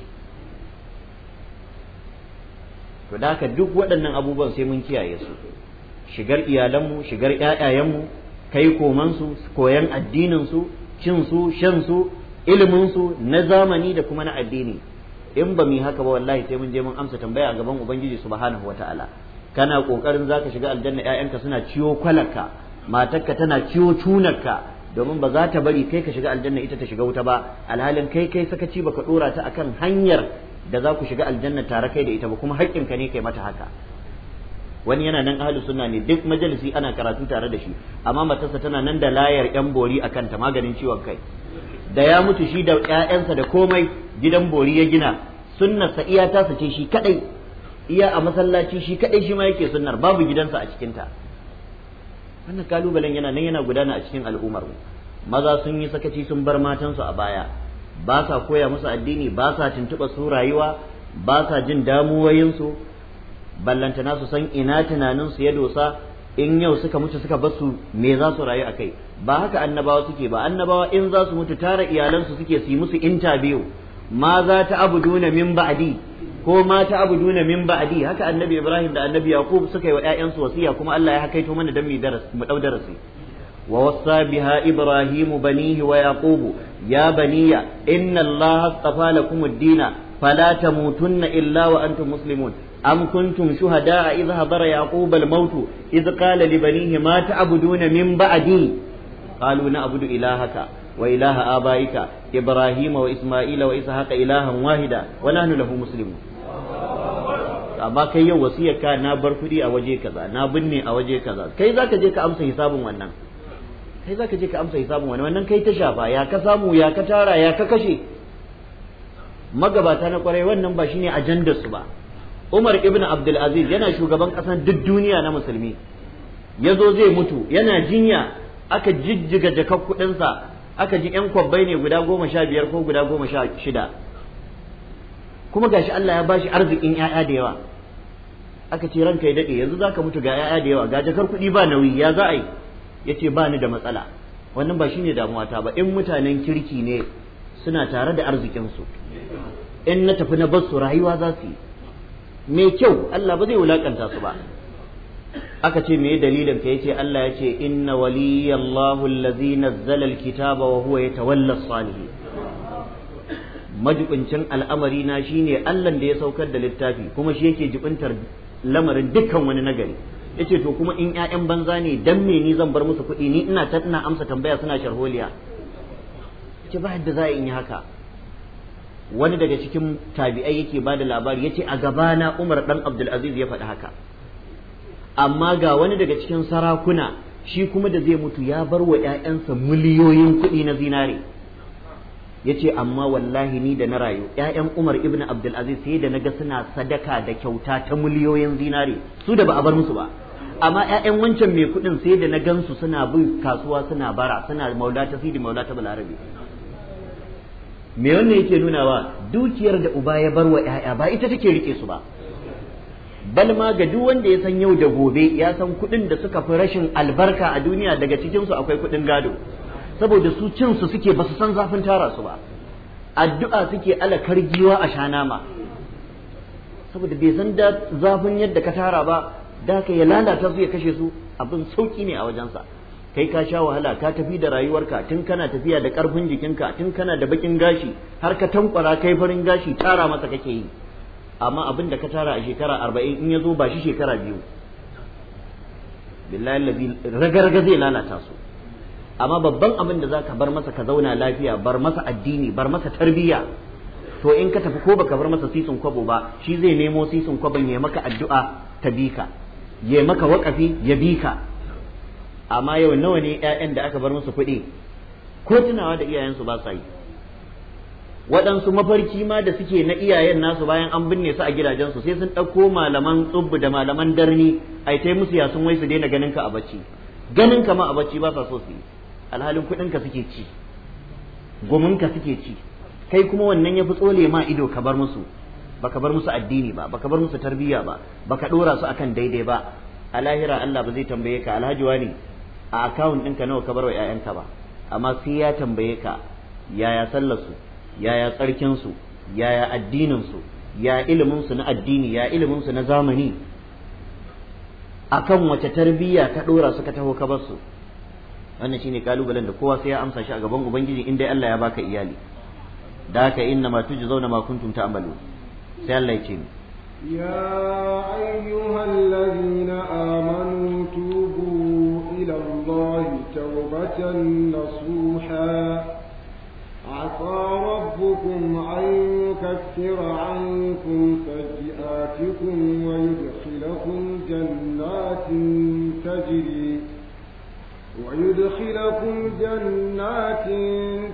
to da haka duk waɗannan abubuwan sai mun kiyaye su shigar iyalanmu shigar ƴaƴayenmu kai komansu koyan addininsu cinsu shansu iliminsu na zamani da kuma na addini in ba mu haka ba wallahi sai mun je mun amsa tambaya a gaban ubangiji subhanahu wataala kana kokarin zaka shiga aljanna ƴaƴanka suna ciwo kwalaka matarka tana ciwo cunarka domin ba za ta bari kai ka shiga aljanna ita ta shiga wuta ba alhalin kai kai sakaci baka dora ta akan hanyar da za ku shiga aljanna tare kai da ita ba kuma haƙƙinka ne kai mata haka wani yana nan ahlus sunna ne duk majalisi ana karatu tare da shi amma matarsa tana nan da layar yan bori akan ta maganin ciwon kai da ya mutu shi da ƴaƴansa da komai gidan bori ya gina sunnarsa iya ta ce shi kadai iya a masallaci shi kadai shi ma yake sunnar babu gidansa a cikinta wannan kalubalen yana nan yana gudana a cikin al'ummar maza sun yi sakaci sun bar matansu a baya ba sa koya musu addini ba sa tuntuɓa su rayuwa ba sa jin damuwoyinsu ballantana su san ina tunaninsu ya dosa in yau suka mutu suka basu me za su rayu a kai ba haka annabawa suke ba annabawa in za su mutu tara iyalansu suke su yi musu interview ma za ta abuduna min ba'di ko ma ta abuduna min ba'di haka annabi Ibrahim da annabi Yaqub suka yi wa ƴaƴansu wasiya kuma Allah ya hakaito mana dan mu darasi mu dau darasi wa wasa biha Ibrahim banihi wa Yaqub ya baniya inna Allah astafa lakum ad-dina fala tamutunna illa wa antum muslimun أم كنتم شهداء إذ حضر يعقوب الموت إذ قال لبنيه ما تعبدون من بعدي قالوا نعبد إلهك وإله آبائك إبراهيم وإسماعيل وإسحاق إلها واحدا ونحن له مسلمون amma kai yau wasiyar ka na bar kuɗi a waje kaza na binne a waje kaza kai zaka je ka amsa hisabin wannan kai zaka je ka amsa hisabin wannan wannan kai ta shafa ya ka samu ya ka tara ya ka kashe magabata na kwarai wannan ba shine ajandar su ba Umar ibn Abdul Aziz yana shugaban ƙasar duk duniya na musulmi ya zo zai mutu yana jinya aka jijjiga jakar kuɗinsa aka ji ƴan kwabbai ne guda goma sha biyar ko guda goma sha shida kuma gashi Allah ya bashi arzikin 'ya'ya da yawa aka ce ranka ya daɗe yanzu zaka mutu ga 'ya'ya da yawa ga jakar kuɗi ba nauyi ya za a yi yace ba ni da matsala wannan ba shine damuwata ba in mutanen kirki ne suna tare da arzikinsu in na tafi na bar su rayuwa za su yi mai kyau Allah ba zai wulakanta su ba aka ce me dalilin ka yace Allah ya ce inna waliyallahu allazi nazzala alkitaba wa huwa yatawalla salihin majibincin al'amari na shine Allah da ya saukar da littafi kuma shi yake jibintar lamarin dukkan wani nagari yace to kuma in ƴaƴan banza ne dan me ni zan bar musu kuɗi ni ina ta ina amsa tambaya suna sharholiya ce ba yadda za a yi haka wani daga cikin tabi'ai yake ba da labari yace a gabana Umar dan Abdulaziz ya faɗi haka amma ga wani daga cikin sarakuna shi kuma da zai mutu ya bar wa ‘ya'yansa miliyoyin kuɗi na zinare Yace amma wallahi ni da na rayu ‘ya'yan umar ibn abdulaziz sai da na ga suna sadaka da kyauta ta miliyoyin zinare su da ba a bar musu ba amma ‘ya'yan wancan mai kuɗin sai da na gansu suna bin kasuwa suna bara suna maula sidi maulata ta balarabe me wannan yake nuna wa dukiyar da uba ya bar wa ‘ya'ya ba ita take rike su ba bal ma ga duk wanda ya san yau da gobe ya san kuɗin da suka fi rashin albarka a duniya daga cikinsu akwai kuɗin gado saboda su cin su suke ba su san zafin tara su ba addu'a suke ala kargiwa a shanama saboda bai san da zafin yadda ka tara ba da ka ya lalata su ya kashe su abin sauki ne a wajensa kai ka sha wahala ka tafi da rayuwarka tun kana tafiya da ƙarfin jikinka tun kana da bakin gashi har ka tankwara kai farin gashi tara masa kake yi amma abin da ka tara a shekara arba'in in ya zo ba shi shekara biyu billahi ragarga zai lalata su amma babban abin da zaka bar masa ka zauna lafiya bar masa addini bar masa tarbiyya to in ka tafi ko baka bar masa sisin kwabo ba shi zai nemo sisin kwabon ya maka addu'a ta bika ya maka waƙafi ya bika amma yau nawa ne ƴaƴan da aka bar musu kuɗi ko tunawa da iyayensu ba sa yi waɗansu mafarki ma da suke na iyayen nasu bayan an binne su a gidajen su sai sun ɗauko malaman tsubbu da malaman darni a ta musu ya sun wai su daina ganin ka a bacci ganin ka ma a bacci ba sa so su yi alhalin kuɗin ka suke ci gumin ka suke ci kai kuma wannan ya fi tsole ma ido ka bar musu baka bar musu addini ba baka bar musu tarbiyya ba baka ɗora su akan daidai ba a lahira Allah ba zai tambaye ka alhaji wani a akawun ɗinka nawa ka bar wa 'ya'yanka ba amma sai ya tambaye ka yaya sallarsu yaya tsarkinsu yaya addininsu ya iliminsu na addini ya iliminsu na zamani akan wace tarbiyya ta ɗora suka taho ka bar su wannan shine kalubalen da kowa sai ya amsa shi a gaban ubangiji in dai Allah ya baka iyali da haka inna ma tujzauna ma kuntum ta'malu sai Allah ya ce ya الذين amanu نصوحا عطى ربكم أن يكفر عنكم سيئاتكم ويدخلكم جنات تجري ويدخلكم جنات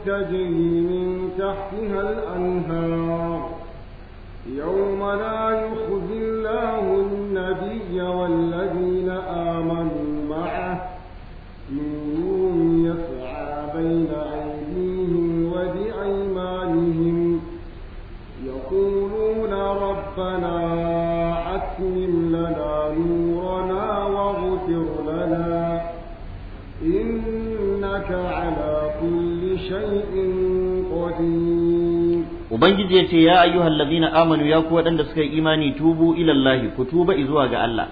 تجري من تحتها الأنهار يوم لا يخرج ubangiji ya ce ya ayyuhal ladina amanu ya ku waɗanda suka yi imani tubu ilallahi ku tuba zuwa ga Allah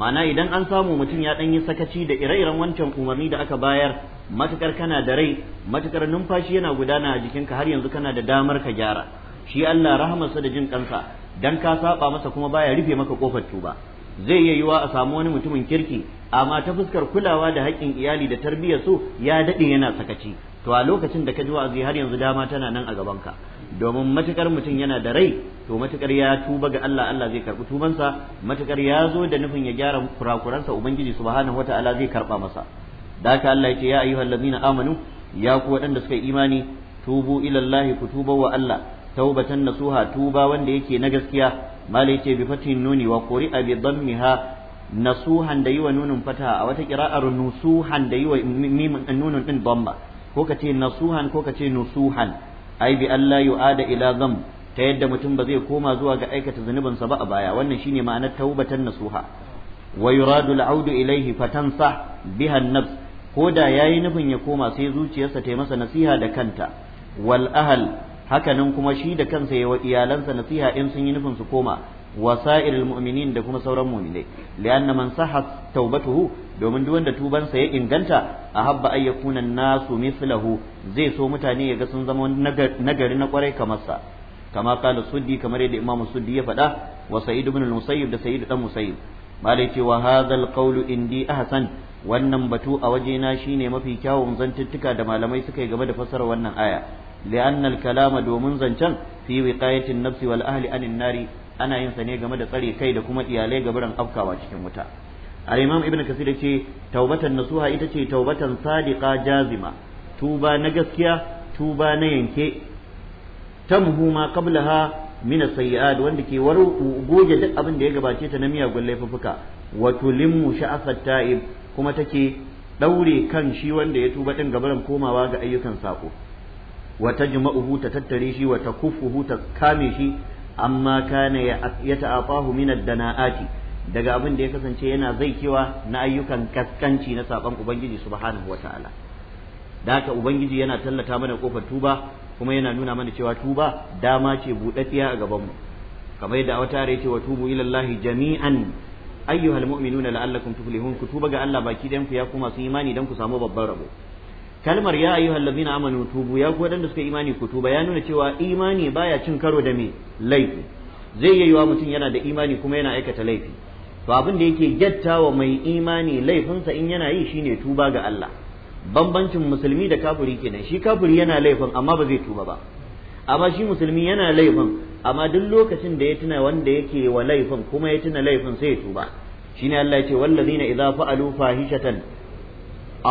ma'ana idan an samu mutum ya ɗan yi sakaci da ire-iren wancan umarni da aka bayar matukar kana da rai matukar numfashi yana gudana a jikinka har yanzu kana da damar ka gyara shi Allah rahamarsa da jin kansa dan ka saba masa kuma baya rufe maka kofar tuba zai iya yiwa a samu wani mutumin kirki amma ta fuskar kulawa da haƙƙin iyali da tarbiyyar su ya daɗe yana sakaci to a lokacin da ka ji wa'azi har yanzu dama tana nan a gabanka domin matukar mutum yana da rai to matukar ya tuba ga Allah Allah zai karbi tubansa matukar ya zo da nufin ya gyara kurakuransa ubangiji subhanahu wataala zai karba masa da haka Allah ya ce ya ayyuhal ladina amanu ya ku waɗanda suka imani tubu ila Allah ku tuba wa Allah taubatan nasuha tuba wanda yake na gaskiya mala yace bi fatin nuni wa quri'a miha dhammiha nasuhan da yi wa nunin fataha a wata kira'ar nusuhan da yi wa mimin din ko ka ce nasuhan ko ka ce nusuhan ai bi Allah yu'ada ila zam ta yadda mutum ba zai koma zuwa ga aikata zunubansa ba a baya wannan shine ma'anar taubatan nasuha wa yuradu al'audu ilaihi fatansah biha an-nafs ko da yayi nufin ya koma sai zuciyarsa ta masa nasiha da kanta wal ahl hakanan kuma shi da kansa yawa iyalansa nasiha in sun yi nufin su koma وسائر المؤمنين da kuma sauran mu'minai lianna man sahha taubatuhu domin duk wanda tubansa ya inganta ahabba ay yakuna nasu mislahu zai so mutane ya ga sun zama nagari na kwarai kamar sa kama kala suddi kamar yadda imamu suddi ya faɗa wa sa'id ibn al da sa'id dan musayyib malai ce wa hadhal qawlu indi ahsan wannan batu a wajena shine mafi kyawun zantuttuka da malamai suka yi game da fassarar wannan aya li'anna al-kalama domin zancen fi wiqayatin nafsi wal ahli anin nari ana yin sa ne game da tsare kai da kuma iyalai ga gaburan afkawa cikin wuta al-imam ibn kasir yace taubatan nasuha ita ce taubatan sadiqa jazima tuba na gaskiya tuba na yanke tamhu ma qablaha min as-sayyi'at wanda ke goge duk abin da ya gabace ta na miyagun laifuka wa tulimmu sha'afat ta'ib kuma take daure kan shi wanda ya tuba din gabaran komawa ga ayyukan sako wa tajma'uhu ta tattare shi wa takuffuhu ta kame shi amma kana ya ta'afahu min ad-dana'ati daga abin da ya kasance yana zaikewa na ayyukan kaskanci na saban ubangiji subhanahu wata'ala da haka ubangiji yana tallata mana kofar tuba kuma yana nuna mana cewa tuba dama ce buɗaɗɗiya a gabanmu kamar yadda wata ya ce wa tubu ilallahi jami'an ayyuhal mu'minuna la'allakum tuflihun ku tuba ga Allah baki dan ku ya kuma su imani dan ku samu babban rabo kalmar ya ayyuhal ladina amanu tubu ya ku wadanda suka imani ku tuba ya nuna cewa imani baya cin karo da me laifi zai yi wa mutum yana da imani kuma yana aikata laifi to abin da yake gyattawa mai imani laifinsa in yana yi shine tuba ga Allah bambancin musulmi da kafiri kenan shi kafiri yana laifin amma ba zai tuba ba amma shi musulmi yana laifin amma duk lokacin da ya tuna wanda yake wa laifin kuma ya tuna laifin sai ya tuba shine Allah ya ce wallazina idza fa'alu fahishatan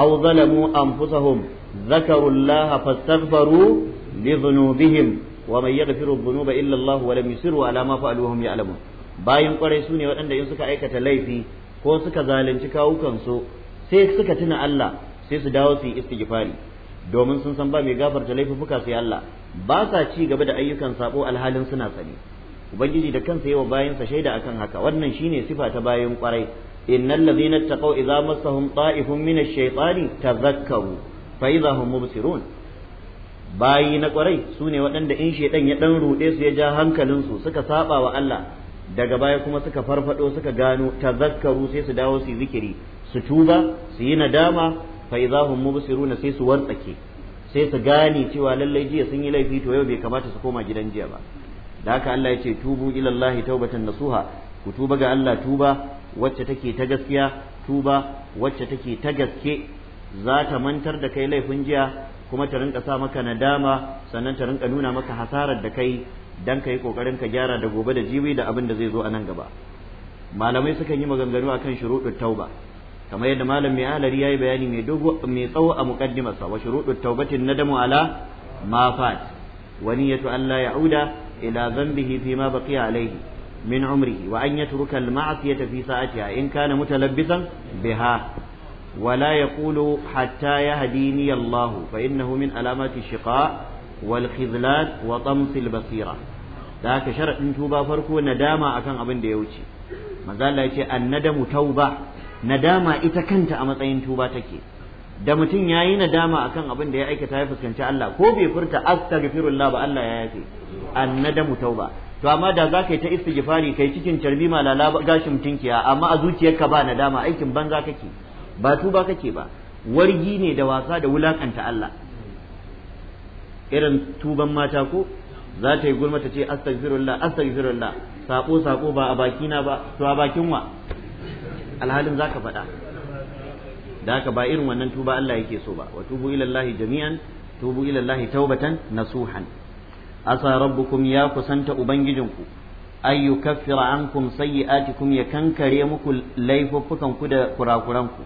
aw zalamu anfusahum ذكروا الله فاستغفروا لذنوبهم ومن يغفر الذنوب الا الله ولم يصروا على ما فعلوا وهم يعلمون Bayan kwarai su ne waɗanda in suka aikata laifi ko suka zalunci kawukansu sai suka tuna Allah sai su dawo su yi istighfari domin sun san ba mai gafarta laifuka sai Allah ba sa ci gaba da ayyukan sabo alhalin suna sani ubangiji da kansa yawa bayansa shaida akan haka wannan shine sifa ta bayan kwarai Innan ladhina taqaw idza massahum ta'ifun min ash-shaytani tadhakkaru fa idza bayi na kwarai sune waɗanda in shaidan ya ɗan ruɗe su ya ja hankalin su suka saba wa Allah daga baya kuma suka farfado suka gano tazakkaru sai su dawo su zikiri su tuba su yi nadama fa idza hum mubsiruna sai su wartsake sai su gane cewa lallai jiya sun yi laifi to yau bai kamata su koma gidan jiya ba da haka Allah ya ce tubu ila Allah nasuha ku tuba ga Allah tuba wacce take ta gaskiya tuba wacce take ta gaske za ta mantar da kai laifin jiya kuma ta rinka sa maka nadama sannan ta rinka nuna maka hasarar da kai dan ka yi kokarin ka gyara da gobe da jibi da abin da zai zo a nan gaba malamai sukan yi maganganu akan shuruɗut tauba kamar yadda malam mai alari yi bayani mai dogo mai tsawo a muqaddimarsa wa shuruɗut taubatin nadamu ala mafat wani wa allah an la ila dhanbihi fi ma baqiya alaihi. min umri wa an yatruka al-ma'siyata fi in kana mutalabbisan biha ولا يقول حتى يهديني الله فإنه من علامات الشقاء والخذلان وطمس البصيرة ذاك شرع توبة فرقو ندامة أكان أبن ديوتي مازال يتي الندم توبة ندامة إذا كنت أمتين توبة تكي da mutum ya yi nadama akan abin da ya aikata ya fuskanci Allah ko bai furta astaghfirullah ba Allah ya yafe annadamu tauba to amma da za ka yi ta istighfari kai cikin carbi malala gashin tinkiya amma a zuciyarka ba nadama aikin banza kake ba tuba kake ba wargi ne da wasa da wulakanta Allah irin tuban mata ko za ta yi gulma ta ce astaghfirullah astaghfirullah sako sako ba a na ba to a bakin wa alhalin zaka faɗa da haka ba irin wannan tuba Allah yake so ba wa tubu ilallahi jami'an tubu ilallahi taubatan nasuhan asa rabbukum ya kusanta ubangijinku ay yukaffira ankum sayyi'atikum ya kankare muku laifuffukan ku da kurakuranku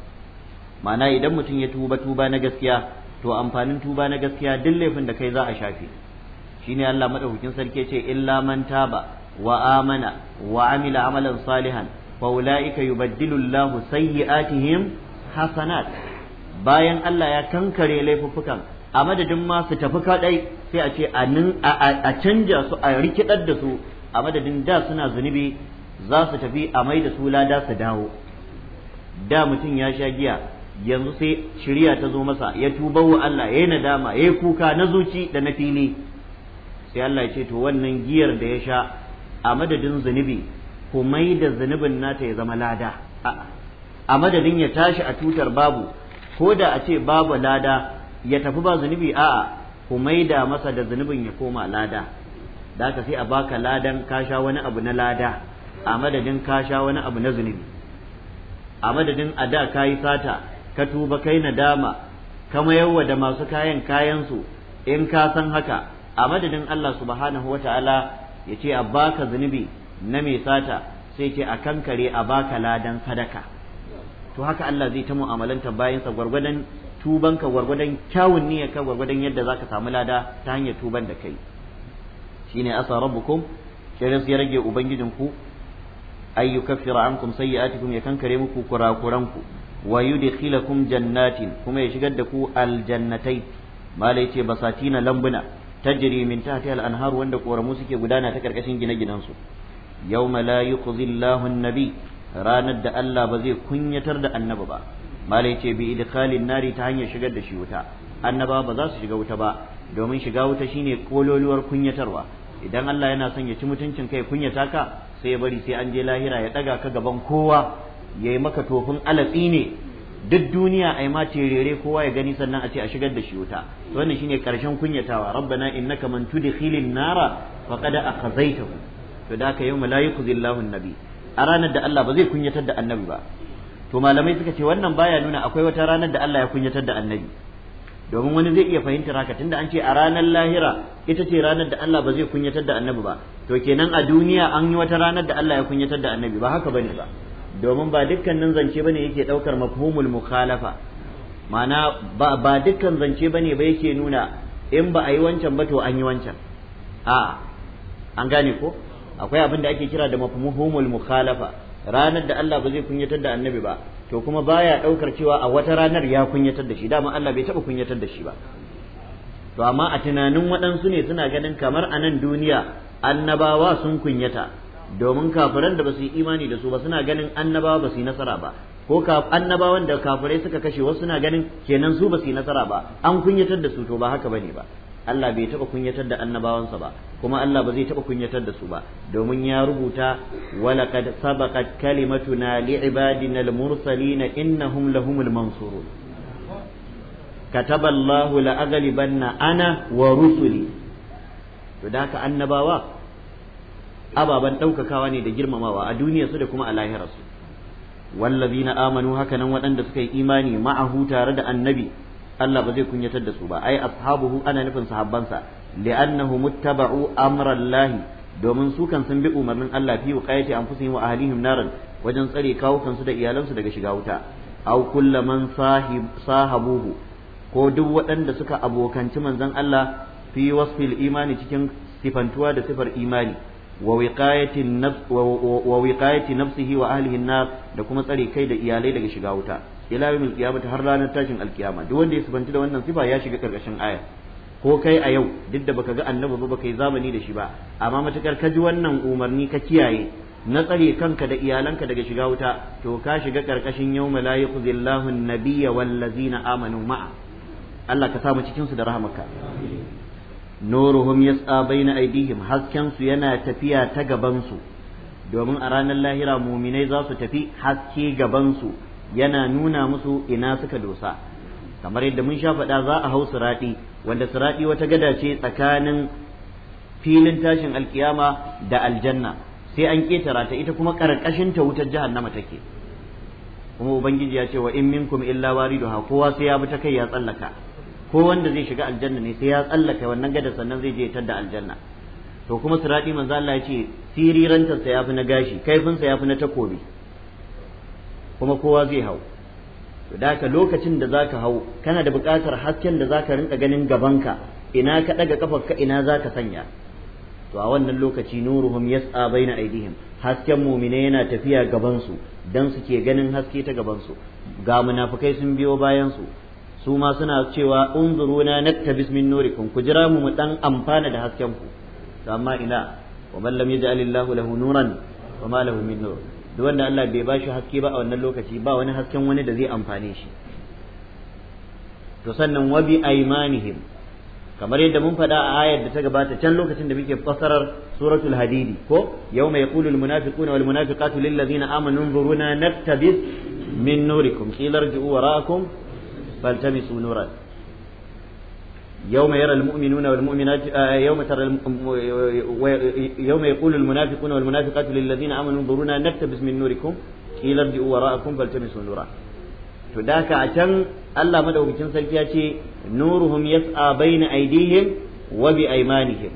ma'ana idan mutum ya tuba tuba na gaskiya to amfanin tuba na gaskiya duk laifin da kai za a shafe shine Allah madaukakin sarki ce illa man taba wa amana wa amila amalan salihan fa ulaika yubaddilu Allahu sayyi'atihim hasanat bayan Allah ya kankare laifuffukan a madadin ma su tafi kadai sai a ce a canja su a rikidar da su a madadin da suna zunubi za su tafi a mai da su lada su dawo da mutum ya sha giya yanzu sai shirya ta zo masa ya tuba wa Allah ya nadama ya kuka na zuci da na fili sai Allah ya ce to wannan giyar da ya sha a madadin zunubi ku mai da zunubin nata ya zama lada a madadin ya tashi a tutar babu ko da a ce babu lada ya tafi ba zunubi a'a ku maida masa da zunubin ya koma lada da ka sai a baka ladan ka sha wani abu na lada a madadin ka sha wani abu na zunubi a madadin a da ka yi sata ka tuba kai nadama ka mayarwa da masu kayan kayansu in ka san haka a madadin Allah subhanahu wata'ala ya ce a baka zunubi na mai sata sai ce a kankare a baka ladan sadaka to haka Allah zai ta mu'amalanta bayansa gwargwadon tubanka gwargwadon kyawun niyyarka gwargwadon yadda zaka samu lada ta hanyar tuban da kai shine asa rabbukum kiran ya rage ubangijinku ay yukaffira ankum sayyi'atikum ya kankare muku kurakuranku wa yudkhilakum jannatin kuma ya shigar da ku aljannatai malai ce basatina lambuna tajri min tahtiha al-anhar wanda koramu suke gudana ta karkashin gine-ginensu yawma la yuqzi Allahu an-nabi ranar da Allah ba zai kunyatar da annabi ba malai ce bi idkhalin nari ta hanyar shigar da shi wuta annaba ba za su shiga wuta ba domin shiga wuta shine kololuwar kunyatarwa idan Allah yana son ya ci mutuncin kai kunyata ka sai ya bari sai an je lahira ya daga ka gaban kowa yayi maka tofin alatsi ne duk duniya ai ma rere kowa ya gani sannan a ce a shigar da shi wuta to wannan shine karshen kunyatawa rabbana innaka man tudkhilin nara faqad akhazaytahu to da ka yau malaiku yukhzillahu an-nabi a ranar da Allah ba zai kunyatar da annabi ba to malamai suka ce wannan baya nuna akwai wata ranar da Allah ya kunyatar da annabi domin wani zai iya fahimtar haka tunda an ce a ranar lahira ita ce ranar da Allah ba zai kunyatar da annabi ba to kenan a duniya an yi wata ranar da Allah ya kunyatar da annabi ba haka bane ba domin ba dukkanin zance bane yake daukar mafhumul mukhalafa ma'ana ba dukkan zance bane ba yake nuna in ba a yi wancan ba to an yi wancan a an gane ko akwai abin da ake kira da mafhumul mukhalafa ranar da Allah ba zai kunyatar da annabi ba to kuma baya daukar cewa a wata ranar ya kunyatar da shi dama Allah bai taba kunyatar da shi ba to amma a tunanin waɗansu ne suna ganin kamar a nan duniya annabawa sun kunyata domin kafiran da ba su yi imani da su ba suna ganin annabawa ba su yi nasara ba ko annabawan da kafirai suka kashe wasu suna ganin kenan su ba su yi nasara ba an kunyatar da su to ba haka bane ba Allah bai taɓa kunyatar da annabawansa ba kuma Allah ba zai taɓa kunyatar da su ba domin ya rubuta walaqad sabaqat kalimatuna li'ibadina al-mursalin innahum lahumul mansurun kataballahu la'aghlibanna ana wa rusuli to da haka annabawa ababan ɗaukakawa ne da girmamawa a duniyarsu da kuma a lahirarsu wallazina amanu hakanan waɗanda suka yi imani ma'ahu tare da annabi Allah ba zai kunyatar da su ba ai ashabuhu ana nufin sahabbansa li'annahu muttaba'u amrallahi domin su kan sun bi umarnin Allah fi wiqayati anfusihim wa ahlihim naran wajen tsare kawo kansu da iyalansu daga shiga wuta aw kullaman sahib sahabuhu ko duk waɗanda suka abokanci manzon Allah fi wasfil imani cikin sifantuwa da sifar imani wa wiqayati wa wiqayati nafsihi wa ahlihi nar da kuma tsare kai da iyalai daga shiga wuta ila yawmil qiyamati har ranar tashin alkiyama duk wanda ya subanci da wannan sifa ya shiga karkashin aya ko kai a yau duk da baka ga annabi ba baka yi zamani da shi ba amma matukar ka ji wannan umarni ka kiyaye na tsare kanka da iyalanka daga shiga wuta to ka shiga karkashin yawma la yuqzillahu an-nabiyya wallazina amanu ma'a Allah ka samu cikin su da rahmaka nuruhum yas'a baina aydihim hasken su yana tafiya ta gaban su domin a ranar lahira muminai za su tafi haske gaban su yana nuna musu ina suka dosa kamar yadda mun sha faɗa za a hau siraɗi wanda siraɗi wata gada ce tsakanin filin tashin alkiyama da aljanna sai an ƙetara ta ita kuma ƙarƙashin ta wutar jahannama take kuma ubangiji ya ce wa in minkum illa wariduha kowa sai ya bi ta kai ya tsallaka ko wanda zai shiga aljanna ne sai ya tsallaka wannan gada sannan zai je ta da aljanna to kuma siraɗi manzo Allah ya ce sirirantarsa ya fi na gashi kaifinsa ya fi na takobi kuma kowa zai hau to da ka lokacin da zaka hau kana da buƙatar hasken da zaka rinka ganin gabanka ina ka daga kafarka ina zaka sanya to a wannan lokaci nuruhum yas'a baina aidihim hasken mu'mine yana tafiya gaban su dan suke ganin haske ta gaban su ga munafikai sun biyo bayan su su ma suna cewa unzuruna naktabis min nurikum ku jira mu mu dan amfana da hasken ku amma ina wa man lam yaj'alillahu lahu nuran wa ma lahu min nur da wanda Allah bai ba shi haske ba a wannan lokaci ba wani hasken wani da zai amfane shi to sannan wabi aimanihim kamar yadda mun faɗa a ayar da ta gabata can lokacin da muke fasarar suratul hadidi ko yawma yaqulu almunafiquna walmunafiqatu lillazina amanu buruna naktabis min nurikum qila irji'u wara'akum faltamisu nuran يوم يرى المؤمنون والمؤمنات يوم ترى يوم يقول المنافقون والمنافقات للذين امنوا انظرونا نكتبس من نوركم قيل ارجعوا وراءكم فالتمسوا نورا to da ka a can Allah madaukakin sarki ya ce nuruhum yas'a baina aydihim wa bi aymanihim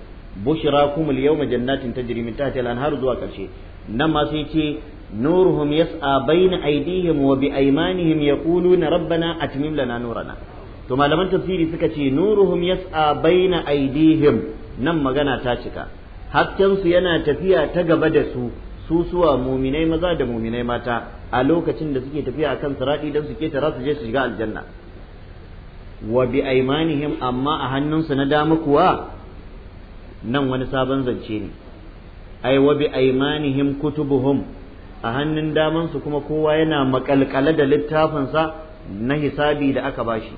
bushrakum al-yawma jannatin tajri min tahtiha al-anhar zuwa karshe nan ma sai ce nuruhum yas'a baina aydihim ya bi na rabbana atmim lana nurana to malaman tafsiri suka ce nuruhum yas'a baina aidihim nan magana ta cika haskensu yana tafiya ta gaba da su su suwa muminai maza da muminai mata a lokacin da suke tafiya akan sirati dan su ketara su je su shiga aljanna wa bi aymanihim amma a hannunsu na dama kuwa nan wani sabon zance ne ai wa bi aymanihim kutubuhum a hannun damansu kuma kowa yana makalkala da littafinsa na hisabi da aka bashi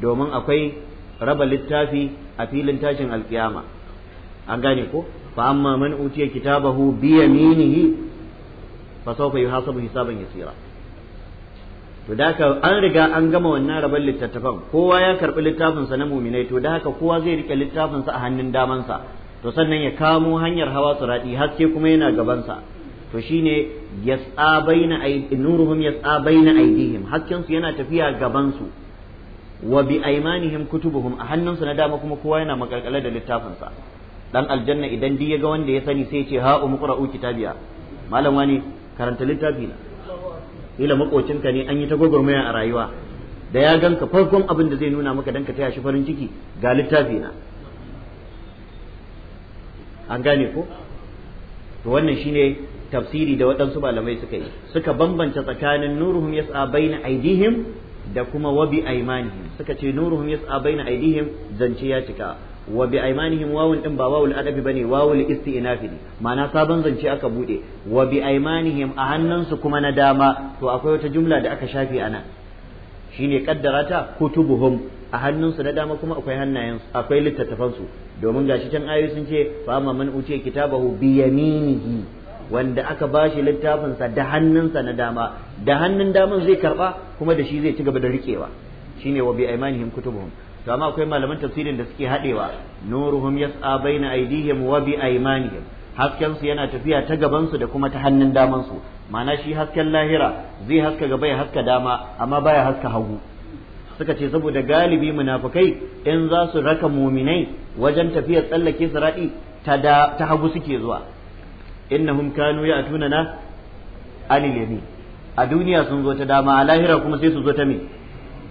domin akwai raba littafi a filin tashin alkiyama an gane ko fa amma man utiya kitabahu bi yaminihi fa sawfa yuhasabu hisaban yasira to da haka an riga an gama wannan rabar littattafan kowa ya karbi littafinsa na muminai to da haka kowa zai rike littafinsa a hannun damansa to sannan ya kamo hanyar hawa suradi haske kuma yana gabansa to shine yas'a baina nuruhum yas'a baina aidihim hasken su yana tafiya gaban su wa bi aymanihim kutubuhum a hannunsu na dama kuma kowa yana makalkala da littafinsa dan aljanna idan duk yaga wanda ya sani sai ya ce ha umqra'u kitabiya malam wani karanta littafi na ila makocinka ne an yi ta gogormaya a rayuwa da ya ganka farkon abin da zai nuna maka dan ka taya shi farin ciki ga littafi na an gane ko to wannan shine tafsiri da waɗansu malamai suka yi suka bambance tsakanin nuruhum yas'a baina aidihim da kuma wabi aimanihim suka ce nuruhum yas'a baina aidihim zance ya cika wabi bi aimanihim wawun din ba wawul adabi bane wawul isti'nafi ne ma'ana sabon zance aka bude wabi aimanihim a hannunsu kuma na dama to akwai wata jumla da aka shafe ana shine kaddarata kutubuhum a hannunsu na dama kuma akwai hannayen akwai littattafansu su domin gashi can ayoyi sun ce fa man uce kitabahu bi yaminihi wanda aka ba shi littafinsa da hannunsa na dama da hannun daman zai karba kuma da shi zai ci gaba da rikewa shine wa bi aymanihim kutubuhum to amma akwai malaman tafsirin da suke hadewa nuruhum yas'a baina aydihim wa bi hasken su yana tafiya ta gaban su da kuma ta hannun daman su ma'ana shi hasken lahira zai haska gaba ya haska dama amma baya haska hagu suka ce saboda galibi munafukai in za su raka muminai wajen tafiyar tsallake raɗi ta hagu suke zuwa innahum kanu ya'tuna na anil yamin a duniya sun zo ta dama a lahira kuma sai su zo ta me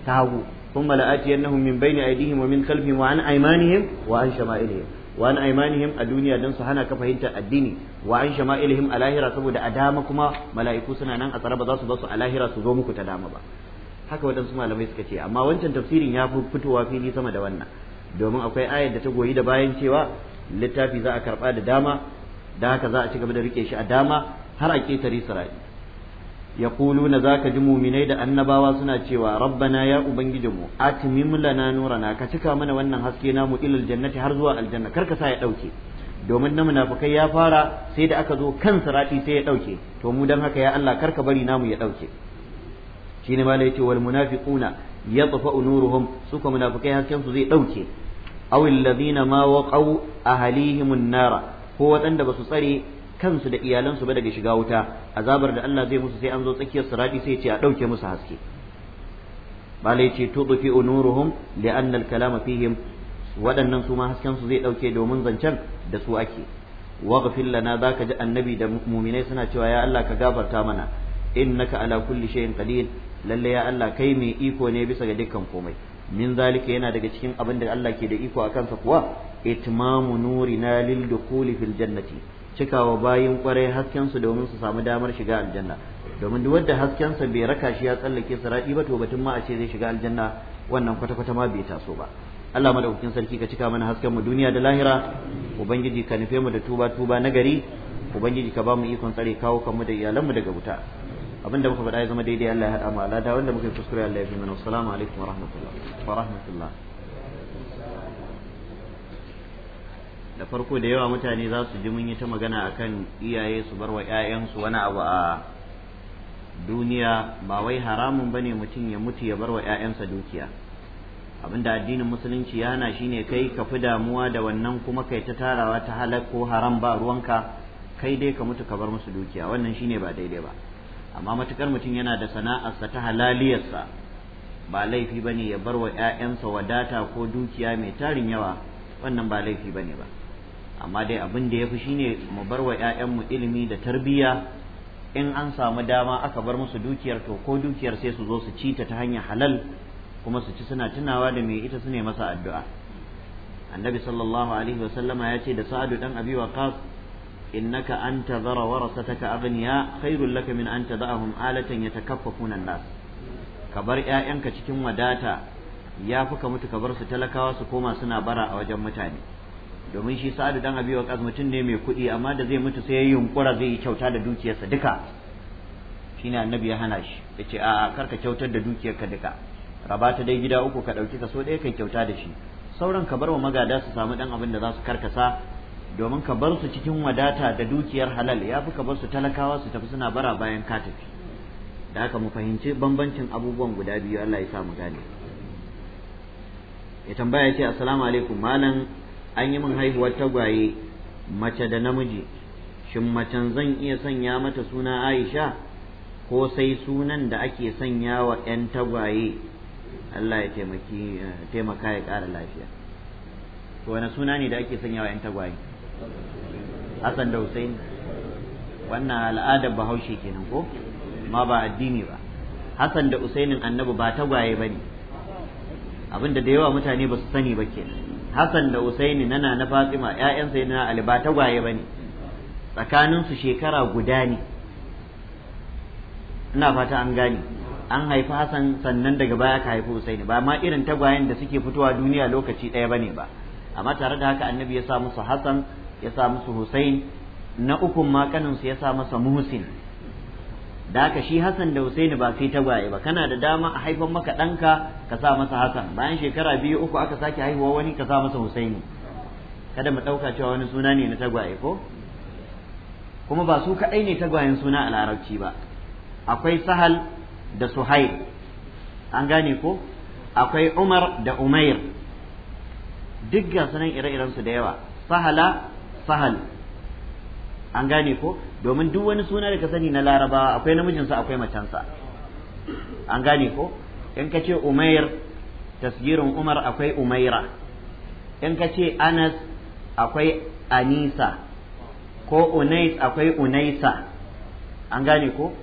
ta hagu sun mala'ati annahum min baini aidihim wa min khalfihim wa an aymanihim wa an shama'ilihim wa an aymanihim a duniya don su hana ka addini wa an shama'ilihim a lahira saboda a dama kuma mala'iku suna nan a tsara ba za su ba su a lahira su zo muku ta dama ba haka waɗansu malamai suka ce amma wancan tafsirin ya fi fitowa fili sama da wannan domin akwai ayar da ta goyi da bayan cewa littafi za a karɓa da dama da haka za a ci gaba da rike shi a dama har a ketare sarai za zaka ji muminai da annabawa suna cewa rabbana ya ubangijinmu atmim lana nurana ka cika mana wannan haske namu ilal jannati har zuwa aljanna kar ka sa ya ɗauke. domin na munafukai ya fara sai da aka zo kan sirati sai ya ɗauke to mu dan haka ya Allah kar ka bari namu ya dauke shine ma yace wal munafiquna yatfa nuruhum su ko munafukai hasken su zai ɗauke aw alladhina ma waqaw ahlihim an-nara ko waɗanda ba su tsare kansu da iyalansu ba daga shiga wuta azabar da Allah zai musu sai an zo tsakiyar sirati sai ce a ɗauke musu haske balai ce tudfi unuruhum li'anna al-kalama fihim waɗannan su ma hasken su zai ɗauke domin zancen da su ake waghfir lana zaka ji annabi da mu'minai suna cewa ya Allah ka gafarta mana innaka ala kulli shay'in qadir lalle ya Allah kai mai iko ne bisa ga dukkan komai min zalika yana daga cikin abin da Allah ke da iko a kansa kuwa itmamu nurina lil dukhuli fil jannati cikawa bayin kwarai hasken su domin su samu damar shiga aljanna domin duk wanda hasken sa bai raka shi ya tsallake sirati ba to batun ma a ce zai shiga aljanna wannan kwata kwata ma bai taso ba Allah madaukakin sarki ka cika mana hasken mu duniya da lahira ubangiji ka nufe mu da tuba tuba na gari ubangiji ka ba mu ikon tsare kawo kanmu da mu daga wuta abinda muka faɗa ya zama daidai Allah ya haɗa mu alada wanda muka yi kuskure Allah ya fi mana assalamu alaikum wa rahmatullah wa rahmatullah da farko da yawa mutane za su ji mun yi ta magana a kan iyaye su bar wa 'ya'yansu wani abu a duniya ba wai haramun ba ne mutum ya mutu ya bar wa 'ya'yansa dukiya Abin da addinin musulunci ya hana ne kai ka fi damuwa da wannan kuma kai ta tarawa ta halak ko haram ba ruwanka kai dai ka mutu ka bar musu dukiya wannan shine ba daidai ba amma matukar mutum yana da sana'arsa ta halaliyarsa ba laifi ba ne ya bar wa 'ya'yansa wadata ko dukiya mai tarin yawa wannan ba laifi bane ba amma dai abin da ya fi shine mu bar wa 'ya'yanmu ilimi da tarbiyya in an samu dama aka bar musu dukiyar to ko dukiyar sai su zo su ci ta hanyar halal kuma su ci suna tunawa da mai ita su ne masa addu'a annabi sallallahu alaihi wasallama ya ce da sa'adu dan abi waqas innaka an tazara warasataka aghniya khairul laka min an tadahum alatan yatakaffafuna an-nas ka bar 'ya'yanka cikin wadata ya fi ka mutu ka bar su talakawa su koma suna bara a wajen mutane domin shi sa'adu dan abi kas mutum ne mai kuɗi amma da zai mutu sai ya yunkura zai yi kyauta da dukiyarsa duka shine annabi ya hana shi yace a ka kyautar da dukiyarka duka raba ta dai gida uku ka dauki kaso ɗaya kai kyauta da shi sauran ka bar wa magada su samu dan abin da za su karkasa domin ka bar su cikin wadata da dukiyar halal ya fi ka bar su talakawa su tafi suna bara bayan ka tafi da haka mu fahimci bambancin abubuwan guda biyu Allah ya sa mu gane ya tambaya ce assalamu alaikum malam an yi min haihuwar tagwaye mace da namiji shin macen zan iya sanya mata suna aisha ko sai sunan da ake sanya wa 'yan tagwaye Allah ya taimaka ya ƙara lafiya to wani suna ne da ake sanya wa 'yan tagwaye Hassan da Hussein wannan al'adar bahaushe kenan ko ma ba addini ba Hassan da Hussein annabi ba tagwaye ba ne abinda da yawa mutane ba su sani ba kenan Hassan da Usaini nana na Fatima ƴaƴan Sayyidina Ali ba tagwaye bane tsakanin su shekara guda ne ina fata an gane an haifi Hassan sannan daga baya ka haifi Usaini ba ma irin tagwayen da suke fitowa duniya lokaci ɗaya bane ba amma tare da haka annabi ya sa musu Hassan ya sa musu Husain na ukun ma kanin su ya sa masa Muhsin da haka shi Hassan da Husaini ba sai tagwaye ba kana da dama a haifan maka ɗanka ka sa masa Hassan bayan shekara biyu uku aka sake haihuwa wani ka sa masa Husaini kada mu ɗauka cewa wani suna ne na tagwaye ko kuma ba su kaɗai ne tagwayen suna a larabci ba akwai Sahal da Suhail an gane ko akwai Umar da Umair duk ga sanan ire iren su da yawa Sahala Sahal an gane ko domin duk wani suna da ka sani na larabawa akwai namijinsa akwai macensa an gane ko in ka ce umair tasgirin umar akwai umaira in ka ce anas akwai anisa ko unais akwai unaisa an gane ko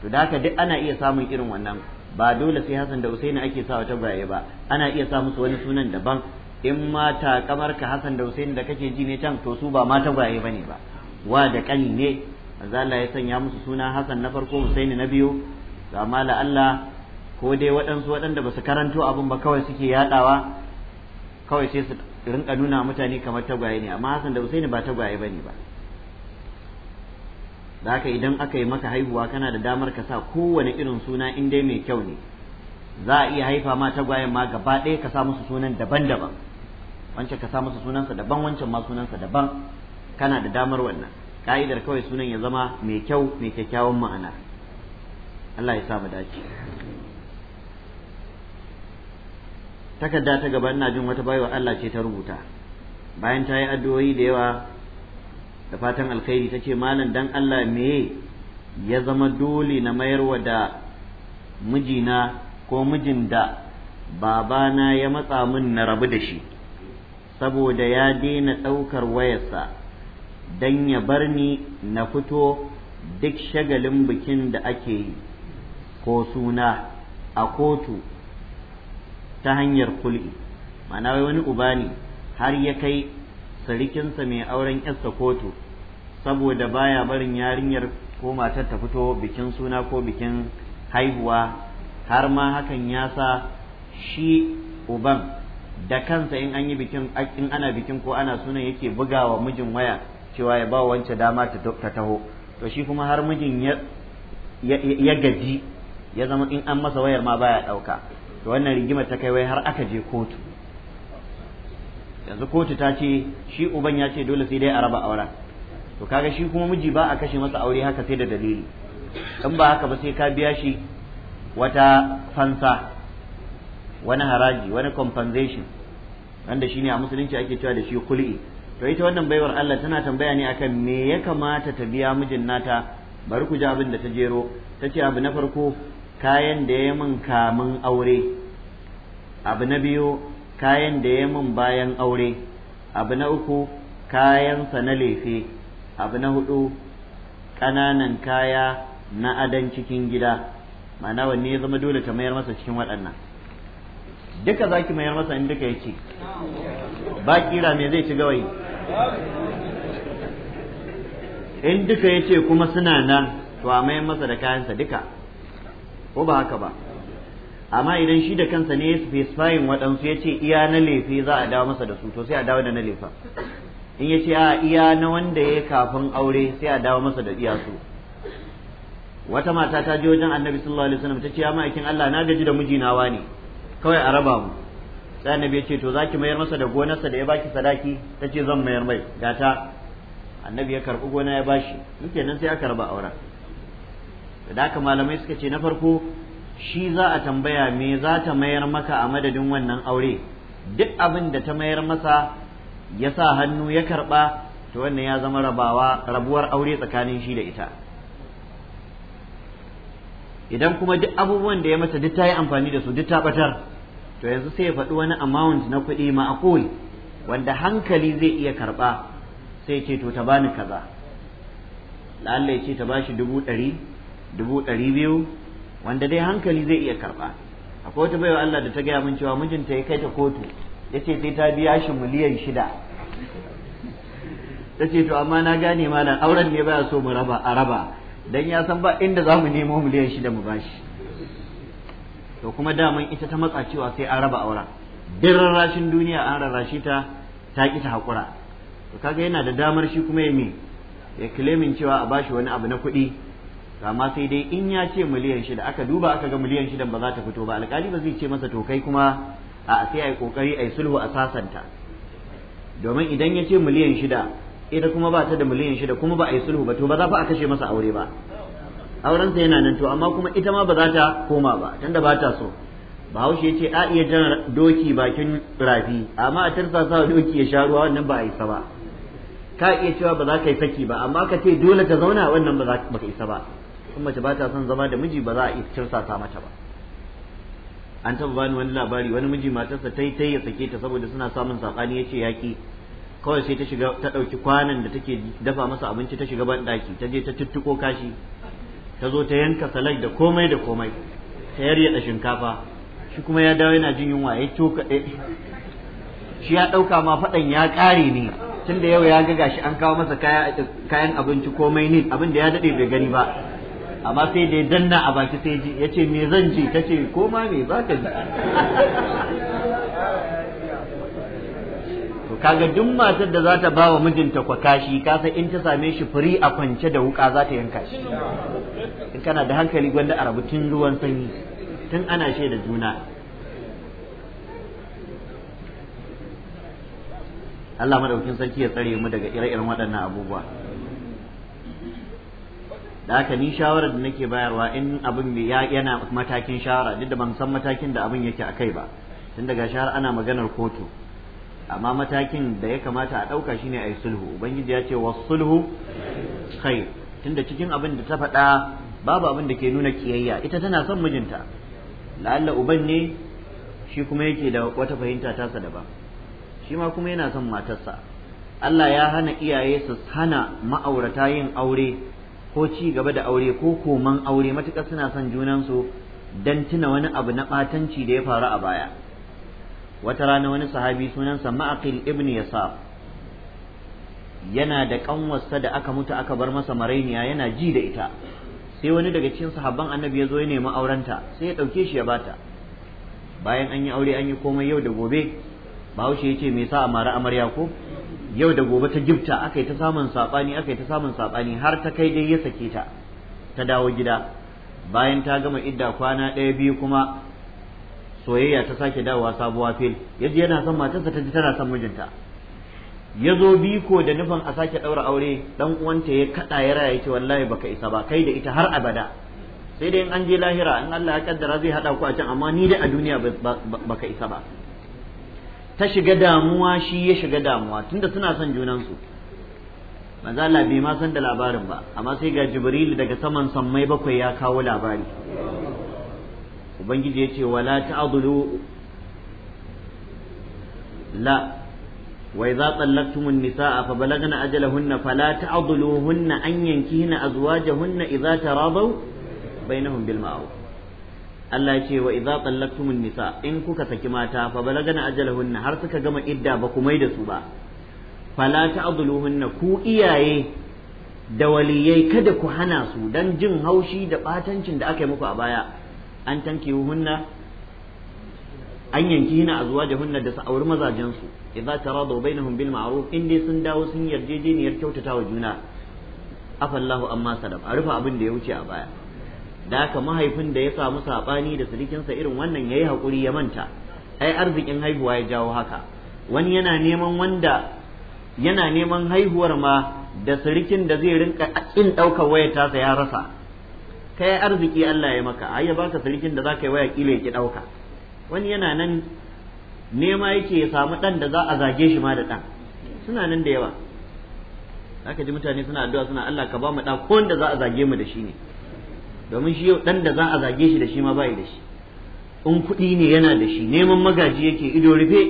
to da haka duk ana iya samun irin wannan ba dole sai hassan da usaini ake sa wata baye ba ana iya sa musu wani sunan daban in mata kamar ka hassan da usaini da kake ji ne can to su ba mata ta ba bane ba wa da kani ne azala ya sanya musu suna Hassan na farko Husaini na biyu amma la Allah ko dai waɗansu waɗanda ba su karanto abin ba kawai suke yaɗawa kawai sai su rinka nuna mutane kamar tagwaye ne amma Hassan da Husaini ba tagwaye bane ba da haka idan aka yi maka haihuwa kana da damar ka sa kowane irin suna in dai mai kyau ne za a iya haifa ma tagwayen ma gaba ɗaya ka sa musu sunan daban-daban wancan ka sa musu sunansa daban wancan ma sunansa daban kana da damar wannan ka'idar kawai sunan ya zama mai kyau mai kyakkyawan ma'ana Allah ya sa mu dace takarda ta gaba ina jin wata baiwa Allah ce ta rubuta bayan ta yi addu'o'i da yawa da fatan alkhairi ta ce malam dan Allah me ya zama dole na mayar wa da mijina ko mijin da babana ya matsa min na rabu da shi saboda ya daina ɗaukar wayarsa don ya bar ni na fito duk shagalin bikin da ake yi ko suna a kotu ta hanyar kul'i ma'ana wani uba ne har ya kai sarikinsa mai auren yarsa kotu saboda baya barin yarinyar ko matar ta fito bikin suna ko bikin haihuwa har ma hakan ya sa shi uban da kansa in an yi bikin in ana bikin ko ana sunan yake bugawa mijin waya cewa ya ba wance dama ta taho to shi kuma har mijin ya gaji ya zama in an masa wayar ma baya ɗauka to wannan rigima ta kai wai har aka je kotu yanzu kotu ta ce shi uban ya ce dole sai dai a raba auren to kaga shi kuma miji ba a kashe masa aure haka sai da dalili in ba haka ba sai ka biya shi wata fansa wani haraji wani compensation wanda shine a musulunci ake cewa da shi kul'i to ita wannan baiwar Allah tana tambaya ne akan me ya kamata ta biya mijin nata bari ku ji abin da ta jero ta ce abu na farko kayan da ya min kamun aure abu na biyu kayan da ya min bayan aure abu na uku kayansa na lefe abu na hudu ƙananan kaya na adan cikin gida ma'ana wanne ya zama dole ta mayar masa cikin waɗannan duka zaki mayar masa in duka ya ce ba kira me zai ci gawayi in duka ya ce kuma suna nan to a mayan masa da kayansa duka ko ba haka ba amma idan shi da kansa ne ya specifying waɗansu ya ce iya na lefe za a dawo masa da su to sai a dawo da na lefa in ya ce a iya na wanda ya kafin aure sai a dawo masa da iya su. wata mata ta je wajen annabi sallallahu alaihi wasallam ta ce ya ma'aikin Allah na gaji da mijina ne kawai a raba mu sai annabi ya ce to zaki mayar masa da gonarsa da ya baki sadaki ta ce zan mayar mai gata annabi ya karɓi gona ya bashi muke nan sai aka raba auren da haka malamai suka ce na farko shi za a tambaya me za ta mayar maka a madadin wannan aure duk abin da ta mayar masa ya sa hannu ya karɓa to wannan ya zama rabawa rabuwar aure tsakanin shi da ita idan kuma duk abubuwan da ya mata duk ta yi amfani da su duk ta batar to yanzu sai ya faɗi wani amount na kuɗi ma'akul wanda hankali zai iya karɓa sai ce to ta bani kaza la'alla ce ta bashi dubu ɗari dubu ɗari biyu wanda dai hankali zai iya karɓa akwai wata baiwa Allah da ta gaya min cewa mijinta ya kai ta kotu ya ce sai ta biya shi miliyan shida ta ce to amma na gane malam auren ne baya so mu raba a raba dan ya san ba inda za mu nemo miliyan shida mu bashi to kuma daman ita ta matsa cewa sai an raba aure. duk rarrashin duniya an rarrashi ta ta ki ta hakura to kaga yana da damar shi kuma ya me ya kilemin cewa a bashi wani abu na kuɗi amma sai dai in ya ce miliyan shida aka duba aka ga miliyan shidan ba za ta fito ba alƙali ba zai ce masa to kai kuma a sai a yi ƙoƙari sulhu a sasanta domin idan ya ce miliyan shida ita kuma ba ta da miliyan shida kuma ba a yi sulhu ba to ba za fa a kashe masa aure ba aurensa yana nan to amma kuma ita ma ba za ta koma ba tunda ba ta so bahaushe ya ce a iya jan doki bakin rafi amma a tarsa sa doki ya sha ruwa wannan ba a isa ba ka iya cewa ba za ka yi saki ba amma ka ce dole ta zauna wannan ba za ka isa ba kuma mace ba ta son zama da miji ba za a iya tarsa ta mata ba an taɓa bani wani labari wani miji matarsa ta yi ta ya sake ta saboda suna samun saɓani ya ce yaƙi kawai sai ta shiga ta ɗauki kwanan da take dafa masa abinci ta shiga ban ɗaki ta je ta tuttuko kashi ta zo ta yanka salak da komai da komai ta yarye da shinkafa shi kuma ya dawo yana jin yunwa ya to kaɗe shi ya ɗauka ma faɗan ya ƙare ne tun da yau ya ga gashi an kawo masa kayan abinci komai ne abin da ya daɗe bai gani ba amma sai da ya danna a baki sai ya ce me zan ji ta ce koma me za ka ji kaga duk matar da za ta ba wa mijinta kwakashi ka san in ta same shi firi a kwance da wuka za ta yanka shi in kana da hankali gwanda a tun ruwan sanyi tun ana da juna Allah madaukin sarki ya tsare mu daga ire-iren waɗannan abubuwa da haka ni shawarar da nake bayarwa in abin ya yana matakin shawara duk da ban san matakin da abin yake akai ba tun daga shahar ana maganar kotu amma matakin da ya kamata a ɗauka shine a yi sulhu ubangiji ya ce wa sulhu khair tunda cikin abin da ta faɗa babu abin da ke nuna kiyayya ita tana son mijinta la'alla uban ne shi kuma yake da wata fahimta tasa daban shi ma kuma yana son matarsa Allah ya hana iyaye su hana ma'aurata yin aure ko ci gaba da aure ko koman aure matuƙar suna son junansu don tuna wani abu na ɓatanci da ya faru a baya wata rana wani sahabi sunansa ma'aqil ibn yasar yana da kanwarsa da aka mutu aka bar masa marainiya yana ji da ita sai wani daga cikin sahabban annabi ya zo ya nemi aurenta sai ya ɗauke shi ya bata bayan an yi aure an yi komai yau da gobe bahaushe ya ce me sa a mara amarya ko yau da gobe ta gifta aka yi ta samun saɓani aka ta samun saɓani har ta kai dai ya sake ta ta dawo gida bayan ta gama idda kwana ɗaya biyu kuma soyayya ta sake dawowa sabuwa fil yaji yana son matarsa ta ji tana son mijinta ya zo biko da nufin a sake ɗaura aure dan uwanta ya kaɗa ya raya yace wallahi baka isa ba kai da ita har abada sai dai in an je lahira in Allah ya kaddara zai hada ku a can amma ni dai a duniya baka isa ba ta shiga damuwa shi ya shiga damuwa tunda suna son junansu manzo Allah bai ma san da labarin ba amma sai ga Jibril daga saman sammai bakwai ya kawo labari ubangiji yace wala ta'dulu la wa idza tallaqtumun nisaa fa balagna ajalahunna fala ta'dhuluhunna an yankihna azwajahunna idza taradaw bainahum bil ma'ruf Allah ya ce wa idza tallaqtumun nisa in kuka saki mata fa balagna ajalahunna har suka gama idda ba ku mai da su ba fala ta'dhuluhunna ku iyaye da waliyai kada ku hana su dan jin haushi da batancin da aka yi muku a baya an tanke hunna an yanki hina hunna da su auri mazajensu idza taradu bainahum bil ma'ruf in dai sun dawo sun yarjejeniyar kyautata wa juna afallahu amma sadaf a rufe abin da ya wuce a baya da haka mahaifin da ya samu sabani da sirikinsa irin wannan yayi hakuri ya manta ai arzikin haihuwa ya jawo haka wani yana neman wanda yana neman haihuwar ma da sirikin da zai rinka kin daukar wayar tasa ya rasa kai arziki Allah ya maka ai ya baka sarkin da zaka yi waya kila ki dauka wani yana nan nema yake ya samu dan da za a zage shi ma da dan suna nan da yawa zaka ji mutane suna addu'a suna Allah ka ba mu da ko wanda za a zage mu da shi ne domin shi yau dan da za a zage shi da shi ma bai da shi in kuɗi ne yana da shi neman magaji yake ido rufe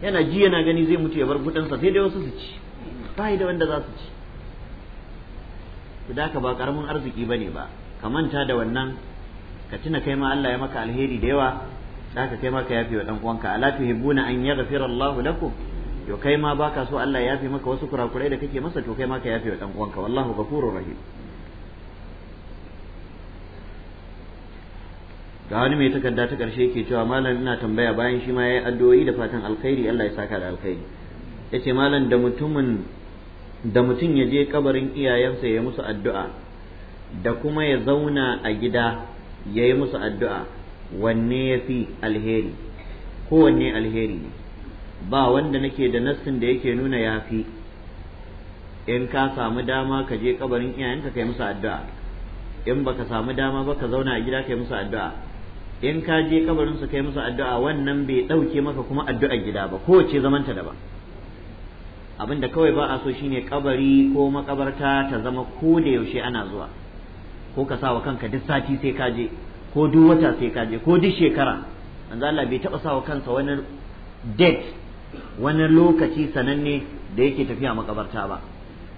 yana ji yana gani zai mutu ya bar kuɗinsa sai dai wasu su ci bai da wanda za su ci da ka ba karamin arziki bane ba ka manta da wannan ka tuna kai ma Allah ya maka alheri da yawa ka kai maka yafi wa dan uwanka ala tuhibuna an yaghfira Allah lakum yo kai ma baka so Allah ya yafi maka wasu kurakurai da kake masa to kai ma ka yafi wa dan uwanka wallahu ghafurur rahim ga wani mai takarda ta karshe yake cewa malam ina tambaya bayan shi ma yayi addu'o'i da fatan alkhairi Allah ya saka da alkhairi yace malam da mutumin da mutum ya je kabarin iyayensa ya musu addu'a da kuma ya zauna a gida ya yi musu addu'a wanne ya fi alheri kowanne alheri ne ba wanda nake da nassin da yake nuna ya fi in ka samu dama ka je kabarin iyayenka kai musu addu'a in baka samu dama ba ka zauna a gida kai musu addu'a in ka je kabarin su kai musu addu'a wannan bai ɗauke maka kuma addu'a gida ba kowace zamanta da ba abinda kawai ba a so shine kabari ko makabarta ta zama ko da yaushe ana zuwa ko ka sa wa kanka duk sati sai ka je ko duk wata sai ka je ko duk shekara manzo Allah bai taba sa wa kansa wani date wani lokaci sananne da yake tafiya makabarta ba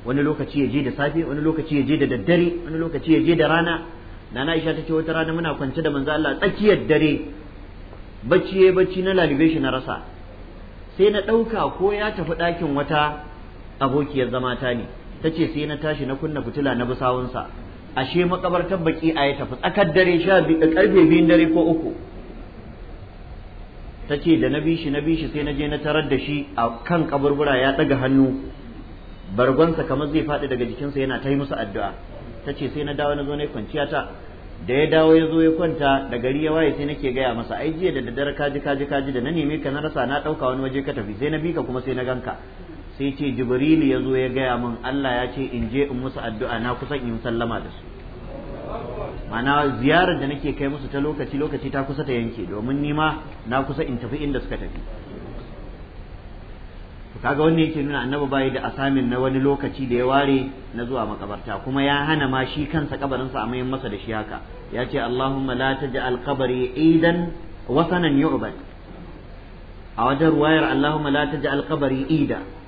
wani lokaci ya je da safe wani lokaci ya je da daddare wani lokaci ya je da rana nana Aisha tace wata rana muna kwance da manzo Allah tsakiyar dare bacci ya bacci na lalibe shi na rasa sai na ɗauka ko ya tafi dakin wata abokiyar zama ta ne tace sai na tashi na kunna fitila na bi sawunsa ashe makabartar baki a ya tafi tsakar dare sha biyu, eh, karfe biyun dare ko uku ta ce da na bi shi na bi shi sai na je na tarar da shi a kan kaburbura ya ɗaga hannu bargonsa kamar zai faɗi daga jikinsa yana ta yi musu addu'a ta ce sai na dawo na zo na kwanciya ta da ya dawo ya zo ya kwanta da gari ya waye sai nake gaya masa ai jiya da daddare kaji kaji kaji da na neme ka na rasa na ɗauka wani waje ka tafi sai na bi ka kuma sai na ganka sai ce jibrilu ya zo ya gaya min Allah ya ce in je in musu addu'a na kusan in sallama da su mana ziyarar da nake kai musu ta lokaci lokaci ta kusa ta yanke domin nima na kusa in tafi inda suka tafi kaga wannan yake nuna annabi bayi da asamin na wani lokaci da ya ware na zuwa makabarta kuma ya hana ma shi kansa kabarinsa a mayin masa da shi haka ya ce Allahumma la taj'al qabri idan wasanan yu'bad a wajen ruwayar Allahumma la taj'al qabri ida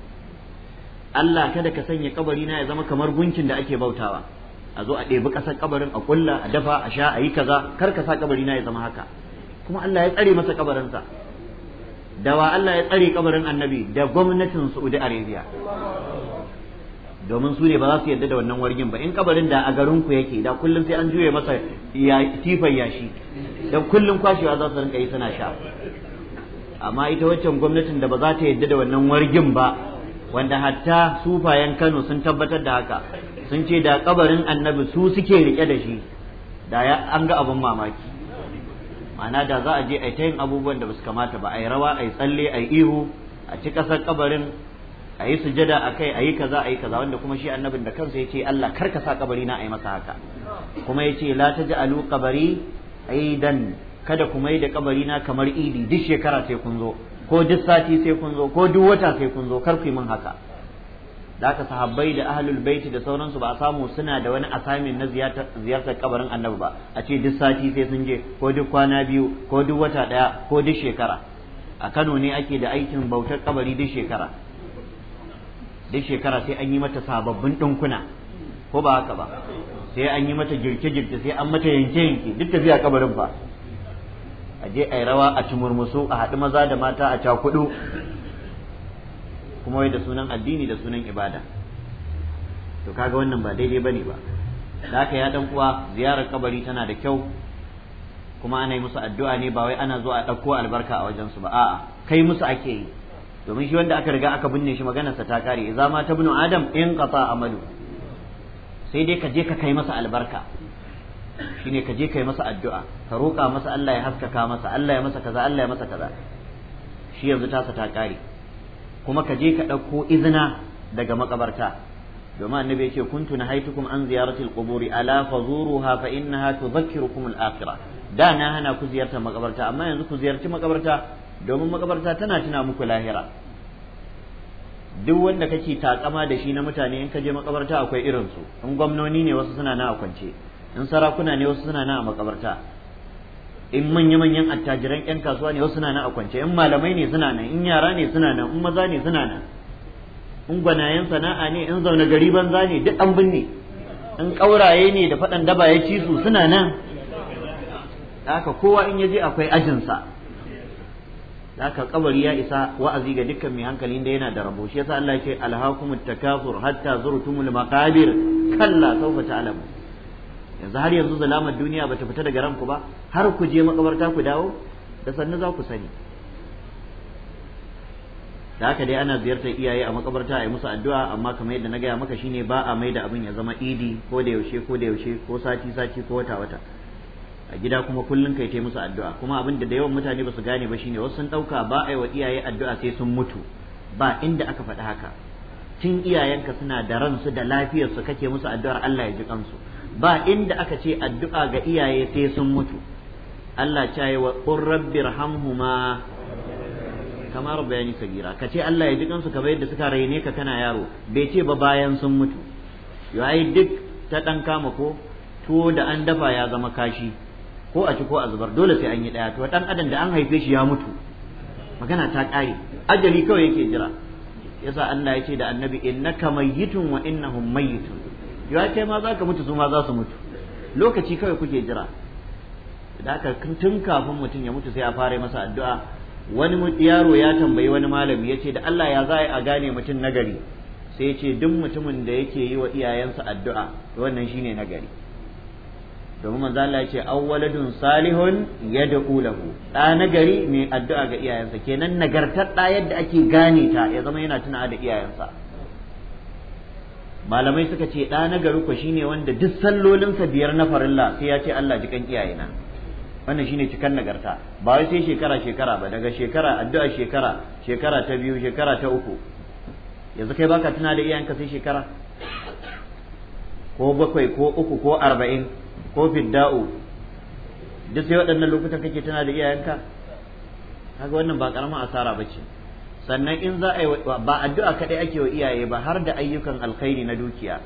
Allah kada ka sanya kabari na ya zama kamar gunkin da ake bautawa a zo a ɗebi ƙasar kabarin a kulla a dafa a sha a yi kaza kar ka sa kabari na ya zama haka kuma Allah ya tsare masa kabarinsa da wa Allah ya tsare kabarin annabi da gwamnatin Saudi Arabia domin su ne ba za su yarda da wannan wargin ba in kabarin da a garin ku yake da kullum sai an juye masa tifan yashi da kullum kwashewa za su rinka yi suna sha amma ita waccan gwamnatin da ba za ta yarda da wannan wargin ba wanda hatta sufayen Kano sun tabbatar da haka sun ce da kabarin annabi su suke rike da shi da an ga abin mamaki ma'ana da za a je a ta yin abubuwan da basu kamata ba a yi rawa a yi tsalle a yi ihu a ci kasar kabarin a yi sujada a kai a yi kaza a yi kaza wanda kuma shi annabin da kansa ya ce Allah kar ka sa kabari na a yi masa haka kuma ya ce la ta ja'alu kabari aidan kada kuma yi da kabari na kamar idi duk shekara sai kun zo ko duk sati sai kun zo ko duk wata sai kun zo kar ku yi min haka da aka sahabbai da ahlul baiti da sauransu ba a samu suna da wani asamin na ziyartar kabarin annabi ba a ce duk sati sai sun je ko duk kwana biyu ko duk wata daya ko duk shekara a Kano ne ake da aikin bautar kabari duk shekara duk shekara sai an yi mata sababbin dinkuna ko ba haka ba sai an yi mata girke-girke sai an mata yanke-yanke duk tafiya kabarin ba a je a yi rawa a ci murmusu a haɗu maza da mata a cakudu kuma wai da sunan addini da sunan ibada to kaga wannan ba daidai bane ba da haka ya dan uwa ziyarar kabari tana da kyau kuma ana yi musu addu'a ne ba wai ana zuwa a ɗauko albarka a wajensu ba a'a kai musu ake yi domin shi wanda aka riga aka binne shi maganarsa ta kare idza ma tabnu adam in qata amalu sai dai ka je ka kai masa albarka shine ka je kai masa addu'a ka roƙa masa Allah ya haskaka masa Allah ya masa kaza Allah ya masa kaza shi yanzu tasa ta kare kuma ka je ka ɗauko izina daga makabarta domin annabi yake kuntu nahaitukum an ziyaratil quburi ala fazuruha fa innaha tudhakkirukum al-akhirah da na hana ku ziyartar makabarta amma yanzu ku ziyarci makabarta domin makabarta tana tuna muku lahira duk wanda kake takama da shi na mutane in ka je makabarta akwai irin su in gwamnoni ne wasu suna na a kwance in sarakuna ne wasu suna nan a makabarta in manya-manyan attajiran 'yan kasuwa ne wasu suna nan a kwance in malamai ne suna nan in yara ne suna nan in maza ne suna nan in gwanayen sana'a ne in zaune gari banza ne duk an binne in ƙauraye ne da faɗan daba ya ci su suna nan haka kowa in ya je akwai ajinsa haka kabari ya isa wa'azi ga dukkan mai hankali da yana da rabo shi yasa Allah ya ce alhaakumut takasur hatta zurtumul maqabir kalla sawfa ta'lamu yanzu har yanzu zalamar duniya bata fita daga ranku ba har ku je makabarta ku dawo da sannu za ku sani da haka dai ana ziyartar iyaye a makabarta a yi musu addu'a amma kamar yadda na gaya maka shine ba a mai da abin ya zama idi ko da yaushe ko da yaushe ko sati sati ko wata wata a gida kuma kullum kai ta musu addu'a kuma abin da da yawan mutane ba su gane ba shine wasu sun ɗauka ba a yi wa iyaye addu'a sai sun mutu ba inda aka faɗi haka tun iyayenka suna da ransu da lafiyarsu kake musu addu'ar Allah ya ji kansu ba inda aka ce addu'a ga iyaye sai sun mutu Allah ta yi wa qur hamhuma kamar bayani sagira ka ce Allah ya ji kansu kamar yadda suka raine ka kana yaro bai ce ba bayan sun mutu yayi duk ta ɗan kama ko tuwo da an dafa ya zama kashi ko a ci ko a zubar dole sai an yi daya to dan adam da an haife shi ya mutu magana ta kare ajali kawai yake jira yasa Allah ya ce da annabi innaka mayyitun wa innahum mayyitun ya kai ma za ka mutu su ma za su mutu lokaci kawai kuke jira da aka tun kafin mutum ya mutu sai a fara masa addu'a wani yaro ya tambayi wani malami ya ce da Allah ya za a gane mutum nagari sai ya ce duk mutumin da yake yi wa iyayensa addu'a wannan shine nagari domin manzo Allah ya ce awwaladun salihun yad'u lahu da nagari mai addu'a ga iyayensa kenan nagartar da yadda ake gane ta ya zama yana tunawa da iyayensa malamai suka ce ɗa na gari ko shine wanda duk sallolinsa biyar na farilla sai ya ce Allah ji jikan na. wannan shine cikan nagarta ba wai sai shekara shekara ba daga shekara addu'a shekara shekara ta biyu shekara ta uku yanzu kai baka tuna da iyayenka sai shekara ko bakwai ko uku ko arba'in ko fidda'u duk sai waɗannan lokutan kake tuna da iyayenka kaga wannan ba karamin asara bace ce sannan in za a yi ba addu'a kaɗai ake wa iyaye ba har da ayyukan alkhairi na dukiya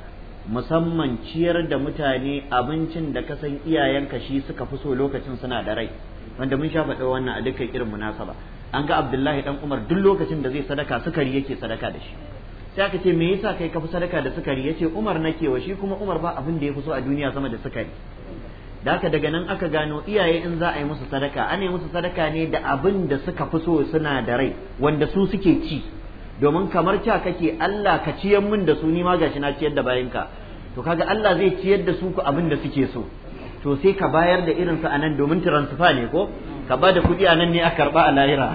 musamman ciyar da mutane abincin da ka san iyayenka shi suka fi so lokacin suna da rai wanda mun sha faɗa wannan a dukkan irin munasaba an ga Abdullahi dan Umar duk lokacin da zai sadaka sukari yake sadaka da shi sai aka ce me yasa kai ka fi sadaka da sukari yace Umar nake wa shi kuma Umar ba abin da ya fi so a duniya sama da sukari da haka daga nan aka gano iyaye in za a yi musu sadaka ana yi musu sadaka ne da abin da suka fi so suna da rai wanda su suke ci domin kamar ca kake Allah ka ciyar min da su ni ma gashi na ciyar da bayanka to kaga Allah zai ciyar da su ku abin da suke so to sai ka bayar da irin su anan domin transfer ne ko ka ba da kuɗi anan ne a karba a lahira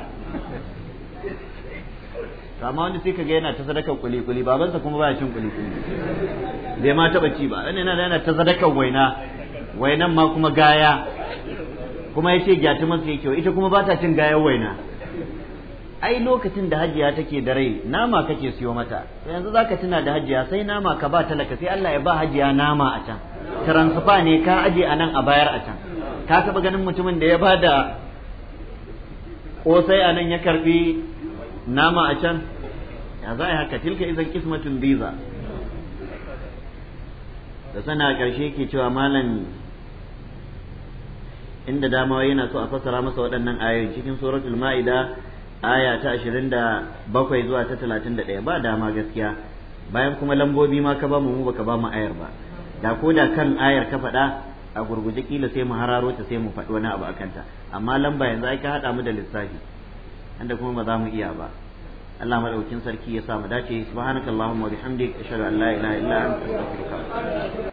amma wanda sai kaga yana ta sadakar kuli kuli babansa kuma baya cin kuli kuli bai ma taba ci ba yana yana ta sadakar waina wainan ma kuma gaya kuma ya ce gyati masu yake ita kuma ba ta cin gayan waina ai lokacin da hajiya take da rai nama kake siyo mata yanzu za ka tuna da hajiya sai nama ka ba talaka sai Allah ya ba hajiya nama a can transfer ne ka aje a nan a bayar a can ka taba ganin mutumin da ya ba da kosai a nan ya karbi nama a can ya za a yi haka tilka izan kismatin biza da sana a ƙarshe ke cewa malam inda dama yana so a fassara masa waɗannan ayoyi cikin suratul ma'ida aya ta 27 zuwa ta 31 ba dama gaskiya bayan kuma lambobi ma ka ba mu mu baka ba mu ayar ba da ko da kan ayar ka faɗa a gurguje kila sai mu hararo ta sai mu faɗi wani abu akan ta amma lamba yanzu ai ka haɗa mu da lissafi inda kuma ba za mu iya ba Allah madaukin sarki ya sa mu dace subhanakallahumma wa bihamdika ashhadu an la ilaha illa anta astaghfiruka